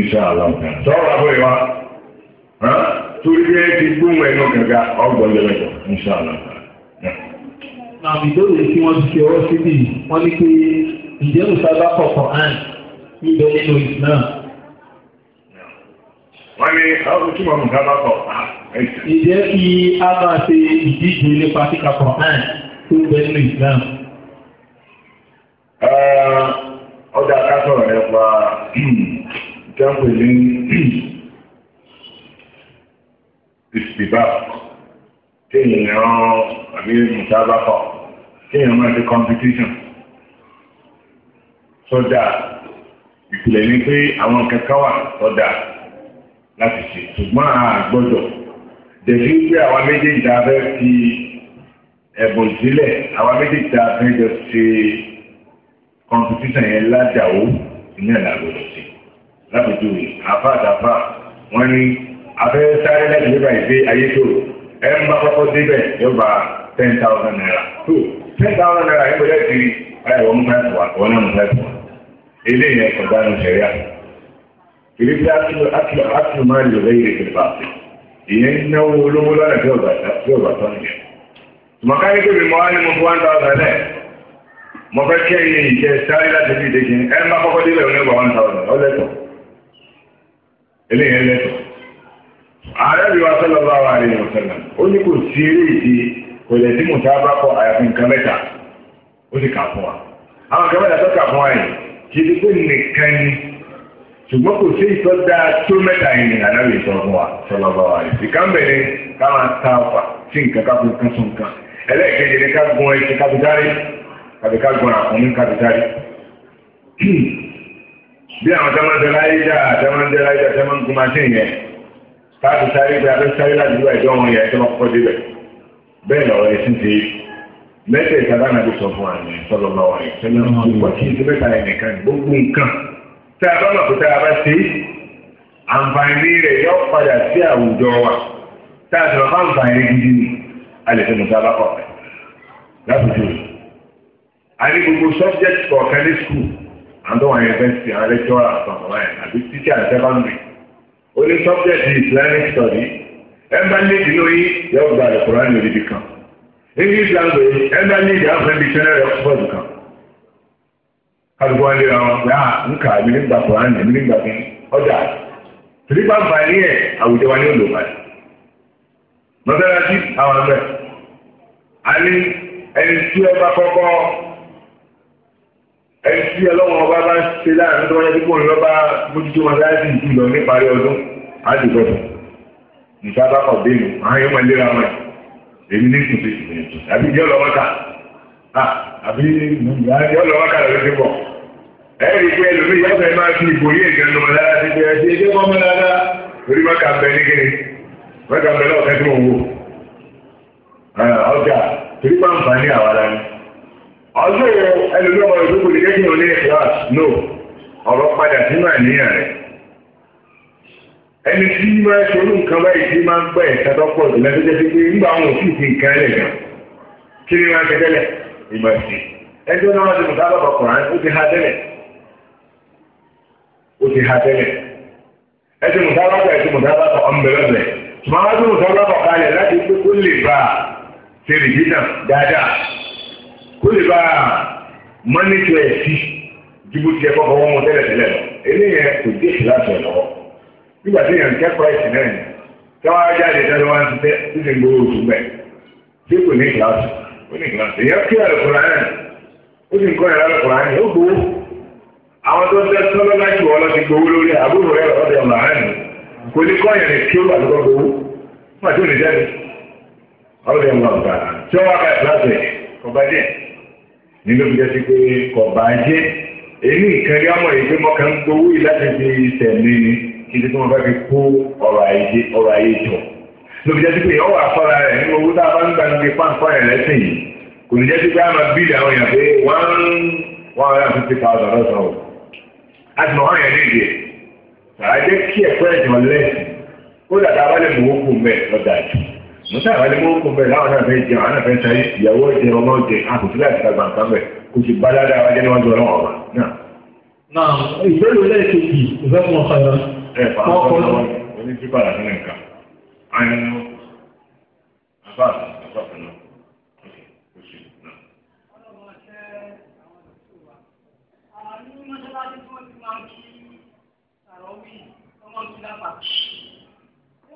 inṣàlá sọ̀rọ̀ àbọ̀ ìwà torí pé ti gbóhùn ẹnu gàgà ọgbọ̀n lẹ́lẹ́gbọ̀ inṣàlá. àmì ìdóòlù tí wọ́n ti fi ọwọ́ síbí wọ́n ní pé ǹjẹ́ mùsàlá kọ̀ọ̀kan àn níbẹ̀ nínú Islam. wọ́n ní ọdún tí wọ́n mùsàlá kọ̀ọ̀kan. ǹjẹ́ kí a máa ṣe ìdíje nípa kíkà kọ̀ọ̀kan tó ń bẹ nínú Islam. ọjà uh, ká sọ̀rọ̀ nípa jápè ní ìsìbá kéèyàn àbí mùsábàkọ̀ kéèyàn máa ṣe competition sọ́dà ìpìlẹ̀ ní pé àwọn kankan wà sọ́dà láti ṣe ṣùgbọ́n a gbọ́dọ̀ dẹ̀bí pé àwa méjèèjì tá a fẹ́ fi ẹ̀bùn sílẹ̀ àwa méjèèjì tá a fẹ́ jọ ṣe competition yẹn ládàá ó ìyẹn làgbọ̀dọ̀ sí. lápẹjúwe àfa àdàfà wọn ní abẹ́rẹ́ sáré lẹ́yìn nígbà ìgbé ayé tó ẹ̀ ń bá kọ́kọ́ débẹ̀ yóò bá ten naira tó ten thousand naira yóò bẹ̀rẹ̀ sí ẹ̀wọ̀n mú fẹ́ẹ́ wà wọ́n náà mú fẹ́ẹ́ wà eléyìí kìrì bí máa lò lẹ́yìn ìyẹn náwó olówó lọ́nà tí bá tọ́ nìyẹn ní mo fún one thousand mo fẹ́ kí ìjẹ sáré láti ìdíje ń bá kọ́kọ́ débẹ̀ eléyìí lẹ́tọ̀ ààrẹ bí wa sọ́lọ́ bá wa rí ọ̀sẹ̀lẹ̀ ó ní kò sí eré ìdí kò lè dí mùtá bá kọ àyàfi nǹkan mẹ́ta ó sì kà fún wa àwọn nǹkan mẹ́ta tó kà fún wa yìí kì í ti pé nìkan ni ṣùgbọ́n kò sí ìtọ́ dáa tó mẹ́ta yìí ni ànábì sọ fún wa sọ́lọ́ bá wa rí ìkànnì ni ká máa ta ọ̀fà sí nǹkan ká fún kánṣó nǹkan ẹlẹ́ẹ̀kejì ni ká gun ẹṣin kábítárì tàbí ká gun àkùnrin kábítárì bí àwọn tẹ́wọ́n tẹ́wọ́n láyéjà tẹ́wọ́n tẹ́wọ́n láyéjà tẹ́wọ́n kú machine yẹn káàtó sáré pé abẹ́ sáré láti wá ẹ̀jọ́ wọn yẹn tẹ́wọ́n kọ́kọ́ débẹ̀ bẹ́ẹ̀ lọ́rọ̀ ẹ̀ sí ti mẹ́tẹ̀ ìsàbánà tó sọ fún àmì sọ́dọ̀ lọ́wọ́ yẹn tẹ́wọ́n kọ́ kí n ti mẹ́ta yẹn nìkan gbogbo nǹkan tẹ́ a bá mọ̀ pé tẹ́ a bá ṣe àǹfààní rẹ̀ yọ padà sí àwùjọ wa tá a sọ̀rọ̀ fáǹfààní gidi a lè fi mùsàlá kọ̀ọ̀kan láti dùn. a ní gbogbo subject kọ̀ọ̀kan àwọn tó wà yẹn fẹ́ ti àwọn lẹ́kítọ́rà àtọ̀tọ̀ báyìí àbí títí àtẹ́bàmì ó ní subject Islamic study ẹ̀mbá nídìí lóyún yóò gba àlùkùrán ní odidi kan English language ẹ̀mbá nídìí afẹ́ dictionary Oxford kan kálukú wọn lera wọn pé ah nka mi ní gba àlùkùrán ní mi ní gba kí ọjà torí bá bá ní ẹ̀ àwùjọ wa ní òlò báyìí mọ́tàlá sí àwọn ẹgbẹ́ àní ẹni tí ẹ bá kọ́kọ́. ẹni tí ọlọ́wọ́n ọba bá ṣe láàrin tó wáyé púpọ̀ ńlọ bá mójútó wọn láti ìdí lọ níparí ọdún àdìgbọ̀dọ̀ nìta bá kọ̀ bẹ́ẹ̀ àwọn yẹn wọ́n wọn èmi ní ìgbìyànjú àbí àbí ọjọ́ ẹlòmíràn ìdókòwò ní kékeré oní ìkíláàsì no ọ̀rọ̀ padà sínú àníyàn rẹ̀ ẹni tí máa ń ṣolú nǹkan báyìí tí máa ń gbọ́ ẹ̀ka tọ́pọ̀ jù lẹ́tọ́ jẹ́ pé nígbà àwọn òfin ti nǹkan ẹlẹ̀ gan kí ni wọ́n ti tẹ́lẹ̀ sí ẹjọ́ náà wọ́n ti mú sábà ó ti ha tẹ́lẹ̀ ó ti ha tẹ́lẹ̀ ẹ ti mú sábà ẹ ti mú sábà mú sábà kó lè bá mọ́nítọ̀ ẹ̀ sí jìbìtì ẹ̀kọ́ kan wọ́n lọ eléyẹn kò dé ìlàsọ lọ́wọ́ nígbà tí èèyàn kẹ́kọ̀ọ́ ẹ̀sìn náà ni táwọn ajáde tẹ́lẹ̀ wá ń ṣiṣẹ́ títí gbowó oṣù bẹ́ẹ̀ tí kò ní ìlàsọ ó ní ìlàsọ èèyàn kí àlùkùrọ̀ náà ó sì ń kọ́ ìlànà àlùkùrọ̀ náà ó gbowó àwọn tó ń tẹ́ sọ́lọ́ gbowó lórí àbúrò ọ̀nà kò ní kọ́ kí nínú jẹ́ sí pé kọ̀bá jẹ́ èmi nǹkan rí ọmọ yìí pé mo kàn ń gbowó yìí láti fi tẹ̀lé ni kí ni tí wọ́n bá fi kó ọ̀rọ̀ ayé ọ̀rọ̀ ayé jọ. ló fi jẹ́ sí pé ọwọ́ àfọ́ra rẹ̀ nínú owó tá a bá ń gbà níbi páńpá rẹ̀ lẹ́sìn yìí kò ní jẹ́ sí pé a máa bílẹ̀ àwọn èèyàn pé one hundred and fifty thousand lọ́sàn o. a ti mọ ọ̀hún yẹn ní ìdí ẹ̀ sàrà musa àwọn ẹni mú kún bẹ́ẹ̀ láwọn náà fẹ́ jẹun àwọn náà fẹ́ sáyé ìyàwó jẹ ọmọ jẹ àkùtù láti ta gbàǹkan bẹ kò sì bá dáadáa wájú níwájú ọlọ́wọ́ ọba náà. na ìbéèrè lẹ́ẹ̀kejì ìfẹ́ fún ọkọ yẹn. ẹ fà á kọ́ ọ ní tí bàrà fún nǹkan àyìn nínú àbá àbá fún un. Àwọn ọmọ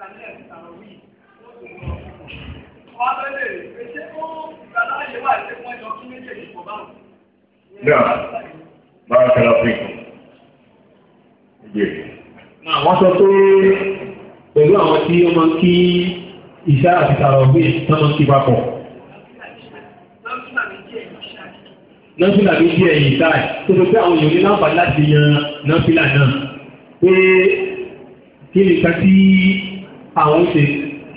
ìtànílẹ̀ ìtàlọ́ wí wọ́n tó lọ wọ́n á bẹ́ẹ̀ lè pé ṣé ó ìgbàlá ayé wà ṣé wọ́n jọ kí méjèèjì pọ̀ báwọn. náà bára kẹlẹ fún ìgbè. wọ́n sọ pé pẹ̀lú àwọn tí wọ́n máa ń kí ìṣá àti ìtàlọ́ wí tán máa kí papọ̀. nọ́fìlà bí díẹ̀ yìí táì tó tó pé àwọn èèyàn ní láǹfààní láti yan nọ́fìlà náà pé kí nìkan tí àwọn ṣe.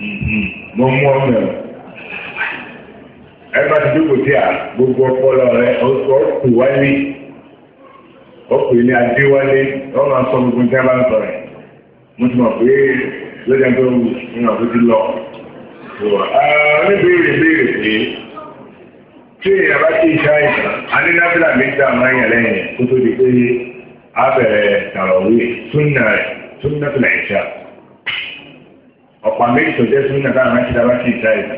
Mhm. mo mú ọmọ ẹ ẹ bá ti dúkò tí a gbogbo ọpọlọ rẹ ọkọ kù wáyé ọkọ ilé adé wálé wọn máa sọ gbogbo tí a bá ń sọ rẹ mo ti mọ pé lọ́jà tó ń rìn àbó ti lọ. oníbèrè béèrè pé tí èèyàn bá ti ṣe àìsàn a ní náfìlà méjì àmọ́ èèyàn lẹ́yìn kó tó di pé a bẹ̀rẹ̀ tàrọ̀wé súnà rẹ̀ súnà tó lẹ́yìn ṣáà ọ̀pá méjì tó jẹ́ súnà táwọn aṣíta bá ti ta ìlú.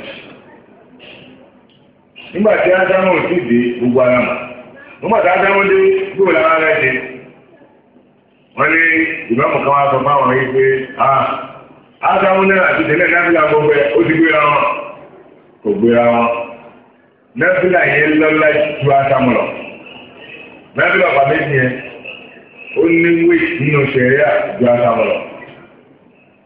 nígbà tí ádámù ti dé gbogbo ara mọ̀ nígbà tí ádámù dé gbogbo lára rẹ̀ dé wọ́n ní ìbámu kan wá sọ fáwọn yìí pé ádámù náà ti tẹ̀lé náfìlà gbogbo ẹ̀ ó ti gbéra wọn kò gbéra wọn náfìlà yẹn lọ́lá ju ádámù lọ náfìlà pàmẹ́jì yẹn ó ní wíì nínú ṣẹ̀ríà ju ádámù lọ.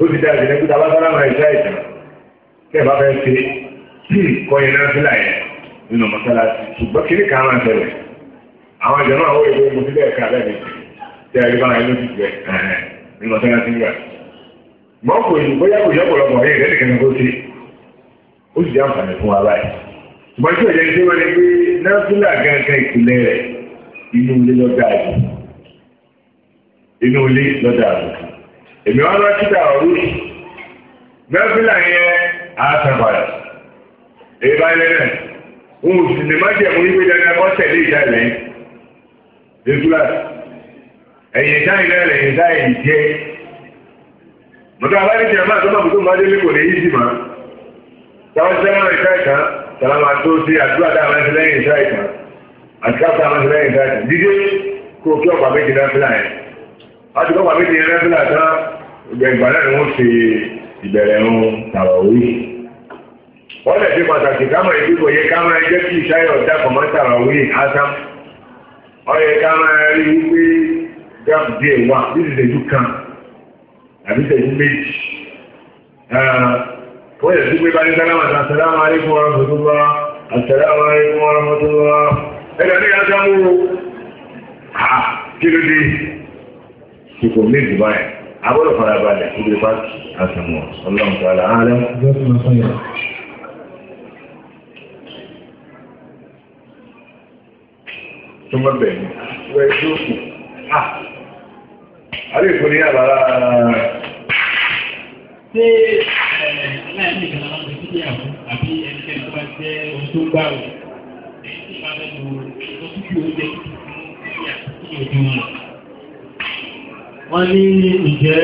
ó ti dára ìdílé kúta bá sálámà ìṣá ìtàn kẹ́ ẹ̀ bá fẹ́ ṣe tí ìkọ́ yẹn náà sílà yẹn nínú mọ́sálásí ṣùgbọ́n kiri kan máa tẹ̀lé àwọn ìjọ náà ó yẹ kó mo ti bẹ́ẹ̀ ká lẹ́ẹ̀mejì tẹ́ ẹ rí bá yẹn ló ti jẹ nínú mọ́sálásí nígbà. mọ́kò yìí bóyá kò yẹ ọ̀pọ̀lọpọ̀ yẹn ìrẹ́lẹ̀ kẹ́kẹ́ kó ṣe ó sì jẹ́ àǹfààní fún wa báyìí. ṣùgbọ́n tí òjẹ́ ṣe wọlé pé náfìlà gangan ìpìlẹ̀ inú ilé lọ́dà àbùkù inú ilé lọ́dà àbùkù èmi wọn lọ títà òru mẹ́fìlà yẹn àtàbàlà èèbá lẹ́nà òun sì lè má jẹ̀mú ìwé dandan kọ́ tẹ̀lé ìjà lẹ́yìn lẹ́túlà ẹ̀yìn ìjà ìlẹ́ lẹ́yìn ìjà ìyìn jẹ́ mọ̀tò abáríjì àmà àtọ́mọ̀ kò tó máa délé kò lè yí sí màá táwọn sẹ́wọ̀n ìjà ìjà sàlámà tó ṣe àdúrà tá a máa ń ṣe lẹ́yìn ìjà ìjà àti káfíńtà máa ń ṣe ìjà ìjà dídé kó kí ọ̀pá méjì náà fìlà yẹn ìgbẹ̀ngbà náà ni wọ́n ṣe ìbẹ̀rẹ̀ ń tàràwí. wọ́n lè fi pàtàkì kámọ̀ ìdíbò yẹ kámọ̀ ẹjẹ́ kí ìṣáyọ̀ dàpọ̀ mọ́ tàràwí asán. ọyẹ kámọ̀ rí wípé gáàmù díẹ̀ wà níbi ìṣẹ́jú kan àbí ìṣẹ́jú méjì. wọ́n lè fi pé bá ní sálámà sàlámà alékún ọ̀rọ̀ tuntun bá àsàlámà alékún ọ̀rọ̀ tuntun bá ẹ̀dọ̀ ní kí ló dé kòkò méjì báyìí agbọ́dọ̀ farabalẹ̀ ibi pàtó àtìmọ̀ ọlọ́run tó ala alẹ́. tó mọ́ bẹ̀rẹ̀ wẹ́ẹ́ tó kù. àlè ah! ìfúnni àbára. wọ́n ní ìjẹ́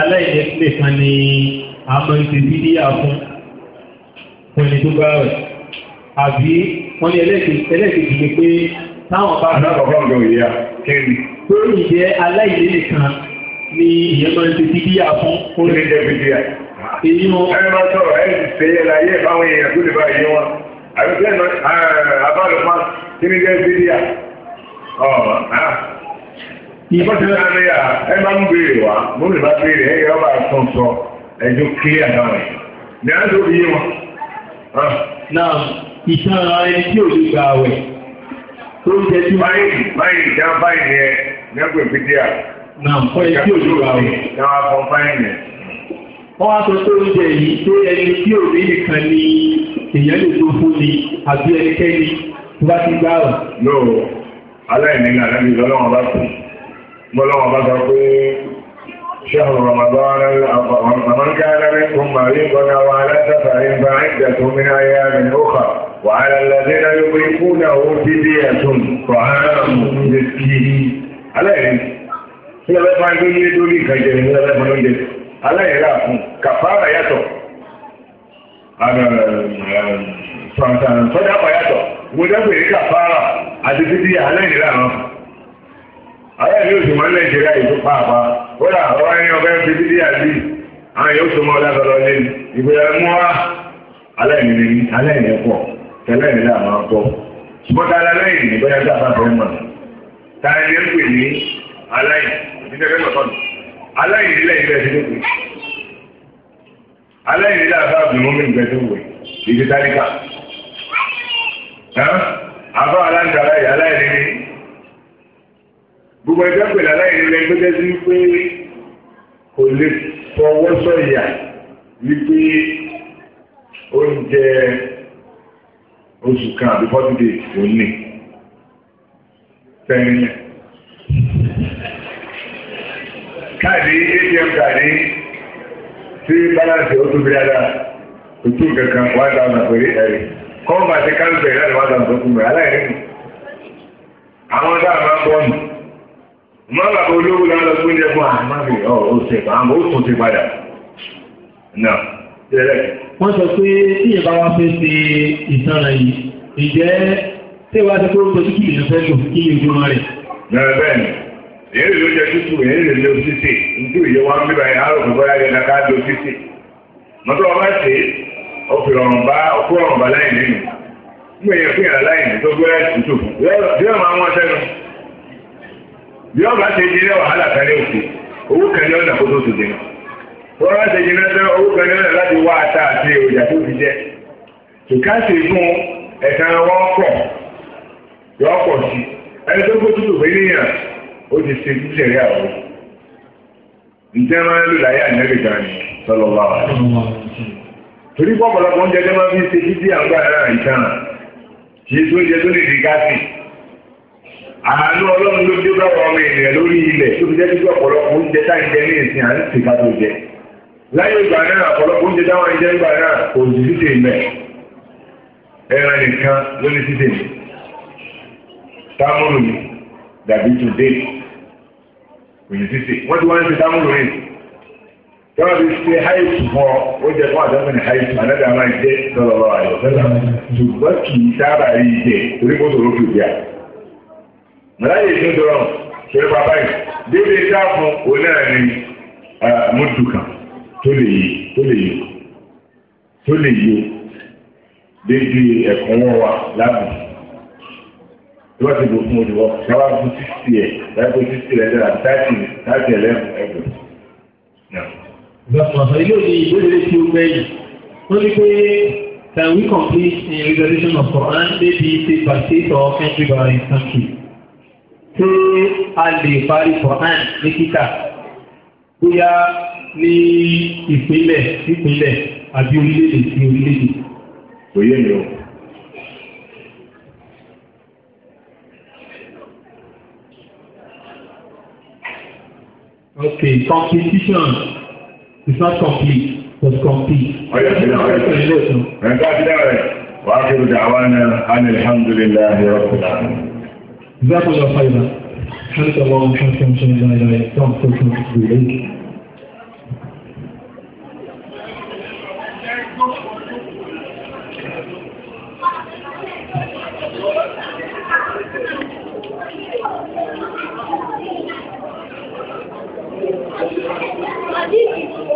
aláìlẹ́sílẹ̀ kan ní àmọ́ ìṣe bídíà fún ẹni tó bá rẹ̀ àbí wọ́n ní ẹlẹ́ẹ̀kejì ni pé táwọn bá. alákọ̀ọ́kọ́ ń gbọ́ ìyá kẹ́rin. pé ìjẹ́ aláìlẹ́sílẹ̀ kan ní ìyẹn máa ń ṣe bídíà fún. ó lè jẹ́ èyí wọn. ẹ máa sọ̀rọ̀ ẹ ti ṣe é la yé báwọn èèyàn tó lè bá yé wọn. àbí sẹ́yìn náà abálùmá kí ni Ìbọ̀tí láàrin à ẹ máa ń béèrè wá, mo lè bá béèrè ẹ̀yẹ ọba àtúntọ̀ ẹjọ́ kí àdáwọn ẹ̀. Ní àjọ òbí yé wọn. Ah. Náà ìtàn ẹni tí ò lè gba àwẹ̀ tó ń jẹ Báyìí báyìí já báyìí yẹ nẹ́gbẹ̀ ìpínlẹ̀ à. Náà fọ ẹni tí ò lè gba àwẹ̀. Náà wá fọ báyìí yẹn. Wọ́n wá sọ pé oúnjẹ yìí pé ẹni tí ò rí nìkan ni èèyàn lè tó fún ni àbí ẹnikẹ́ni tó bá ti gbá àwẹ̀ bọ́lọ́wọ́ bá sọ pé شهر رمضان الأفضل فمن كان منكم مريضا أو على سفر فعدة من أيام أخرى وعلى الذين يطيقونه فدية طعام مسكين عليه ilé ọlọ́pàá ń lóyún lórí ìkàjẹ́ ní ọlọ́pàá lóúnjẹ aláìlá fún kàfàrà yàtọ̀ sọ̀tàn sọ́jà pàyàtọ̀ mo dẹ́kun èyí kàfàrà àti títí aláìlá àwọn àwọn ìlú òsì mọ́ nàìjíríà ìlú pàápàá kódà ọwọ́ ẹni ọgbẹ́ fi dídí àbí àwọn yóò tó mọ́ ọlọ́dọọlọ́ lé ìgbéra mú wa aláìní ní aláìní pọ̀ tẹ́lẹ̀mí làwọn akọ ṣùgbọ́n aláìní ní bóyá sábà bọ́ mọ̀ táyà ní ń pè ní aláìní ìdílé mọ̀tọ́nù aláìní lẹ́yìn bẹ́ẹ̀ ti dé aláìní láàbá àbùnú mi nǹkan tó wẹ̀ ìdí tálíkà aláìní aláìní gbogbo ẹgbẹ́ pẹ̀lú aláìlẹ̀ gbẹ́gbẹ́ sí pé kò lè fọwọ́ sọ̀yà wípé oúnjẹ oṣù kan àbí forty days ló ní tẹ́lẹ̀. káàdì atm káàdì tí balance ó tóbi dáadáa kò tó kankan one thousand pẹ̀lú ẹ̀rí kọ́ńbà ti káńsẹ̀ láti one thousand tó kún mi aláìlẹ̀ àwọn dáhùn máa ń bọ́ mi. má bàbá olówó náà lọ fún ẹgbẹ́ àwọn àmàbí ọ̀rọ̀ ṣe àmọ́ ti náà tẹ́lẹ̀. wọ́n sọ pé tí fẹ́ ṣe yìí ìjẹ́ tí wàá ti kóró lò kí rẹ̀. bẹ́ẹ̀ bẹ́ẹ̀ ni èyí ló jẹ tútù èyí lè lo títì nítorí ìyẹn wọn bíbá yẹn yẹn ká lo títì. mọ́tò ọba ṣe láì nínú bí ọba ṣe jiná wàhálà kálẹ̀ òkú owó kan ní ọ̀nà kó tó tòde wọn bá ṣe jiná tán owó kan ní ọ̀nà láti wá ata àti èròjà tó fi jẹ ìkáṣe fún ẹ̀ka wọn pọ̀ yọ pọ̀ sí ẹni tó kó tútù pé níyàn ó ti ṣe túṣẹ̀ rí àwọn ǹjẹ́ máa ń lò láyé ànẹ́rì gan ni sọlọ wà wà. torí oúnjẹ máa fi ṣe títí àwọn àánú ọlọ́run ló dé bá ọmọ ènìyàn lórí ilẹ̀ tó fi jẹ́ kí ọ̀pọ̀lọpọ̀ oúnjẹ táìjẹ ní ìsìn à ń sì ká tó jẹ láyé ìgbà náà ọ̀pọ̀lọpọ̀ oúnjẹ táwọn ẹ̀jẹ̀ ìgbà náà kò sí sísè mẹ́ ẹran nìkan ló ní sísè mẹ́ támúrù ni dàbí tùdé kò ní sísè wọ́n ti wá ń ṣe támúrù rìn tọ́wọ́ fi ṣe háìsù fún ọ ó jẹ fún àdámọ́ ní háìsù àdáda máa jẹ́ tọ́lọ́lọ́ mọ̀láyè tún dọ̀rọ̀ ṣẹlẹ̀ bàbá yìí débi dá fún onáàrin tó lè yí tó lè yí tó lè yí débi ẹ̀kúnwọ́ wa lábùú tí wọ́n ti bò fún olùwọ́ káwá fún sixty ẹ̀ láìpẹ́ sixty ẹ̀ dára thirty thirty eleven ẹgbẹ̀rún. Gbàgbọ́n ilé òní ìgbésẹ̀ tí ó gbẹ́yìn wọ́n ní pé can we complete a resolution of Quran maybe state by state or country by country ṣé a lè parí Quran ní kíkà bóyá ní ìpínlẹ̀ ìpínlẹ̀ àbí orílẹ̀-èdè sí orílẹ̀-èdè. Òye mi o. Okay, competition is not complete, but complete. Ọyọ̀ sílẹ̀ ọyọ̀ sílẹ̀. Ẹ̀ka sílẹ̀ rẹ̀, wàá kí o dàwọn náà, alhamdulillahi rabbil alamin. that was our favor. Had it along, had it come to me don't feel comfortable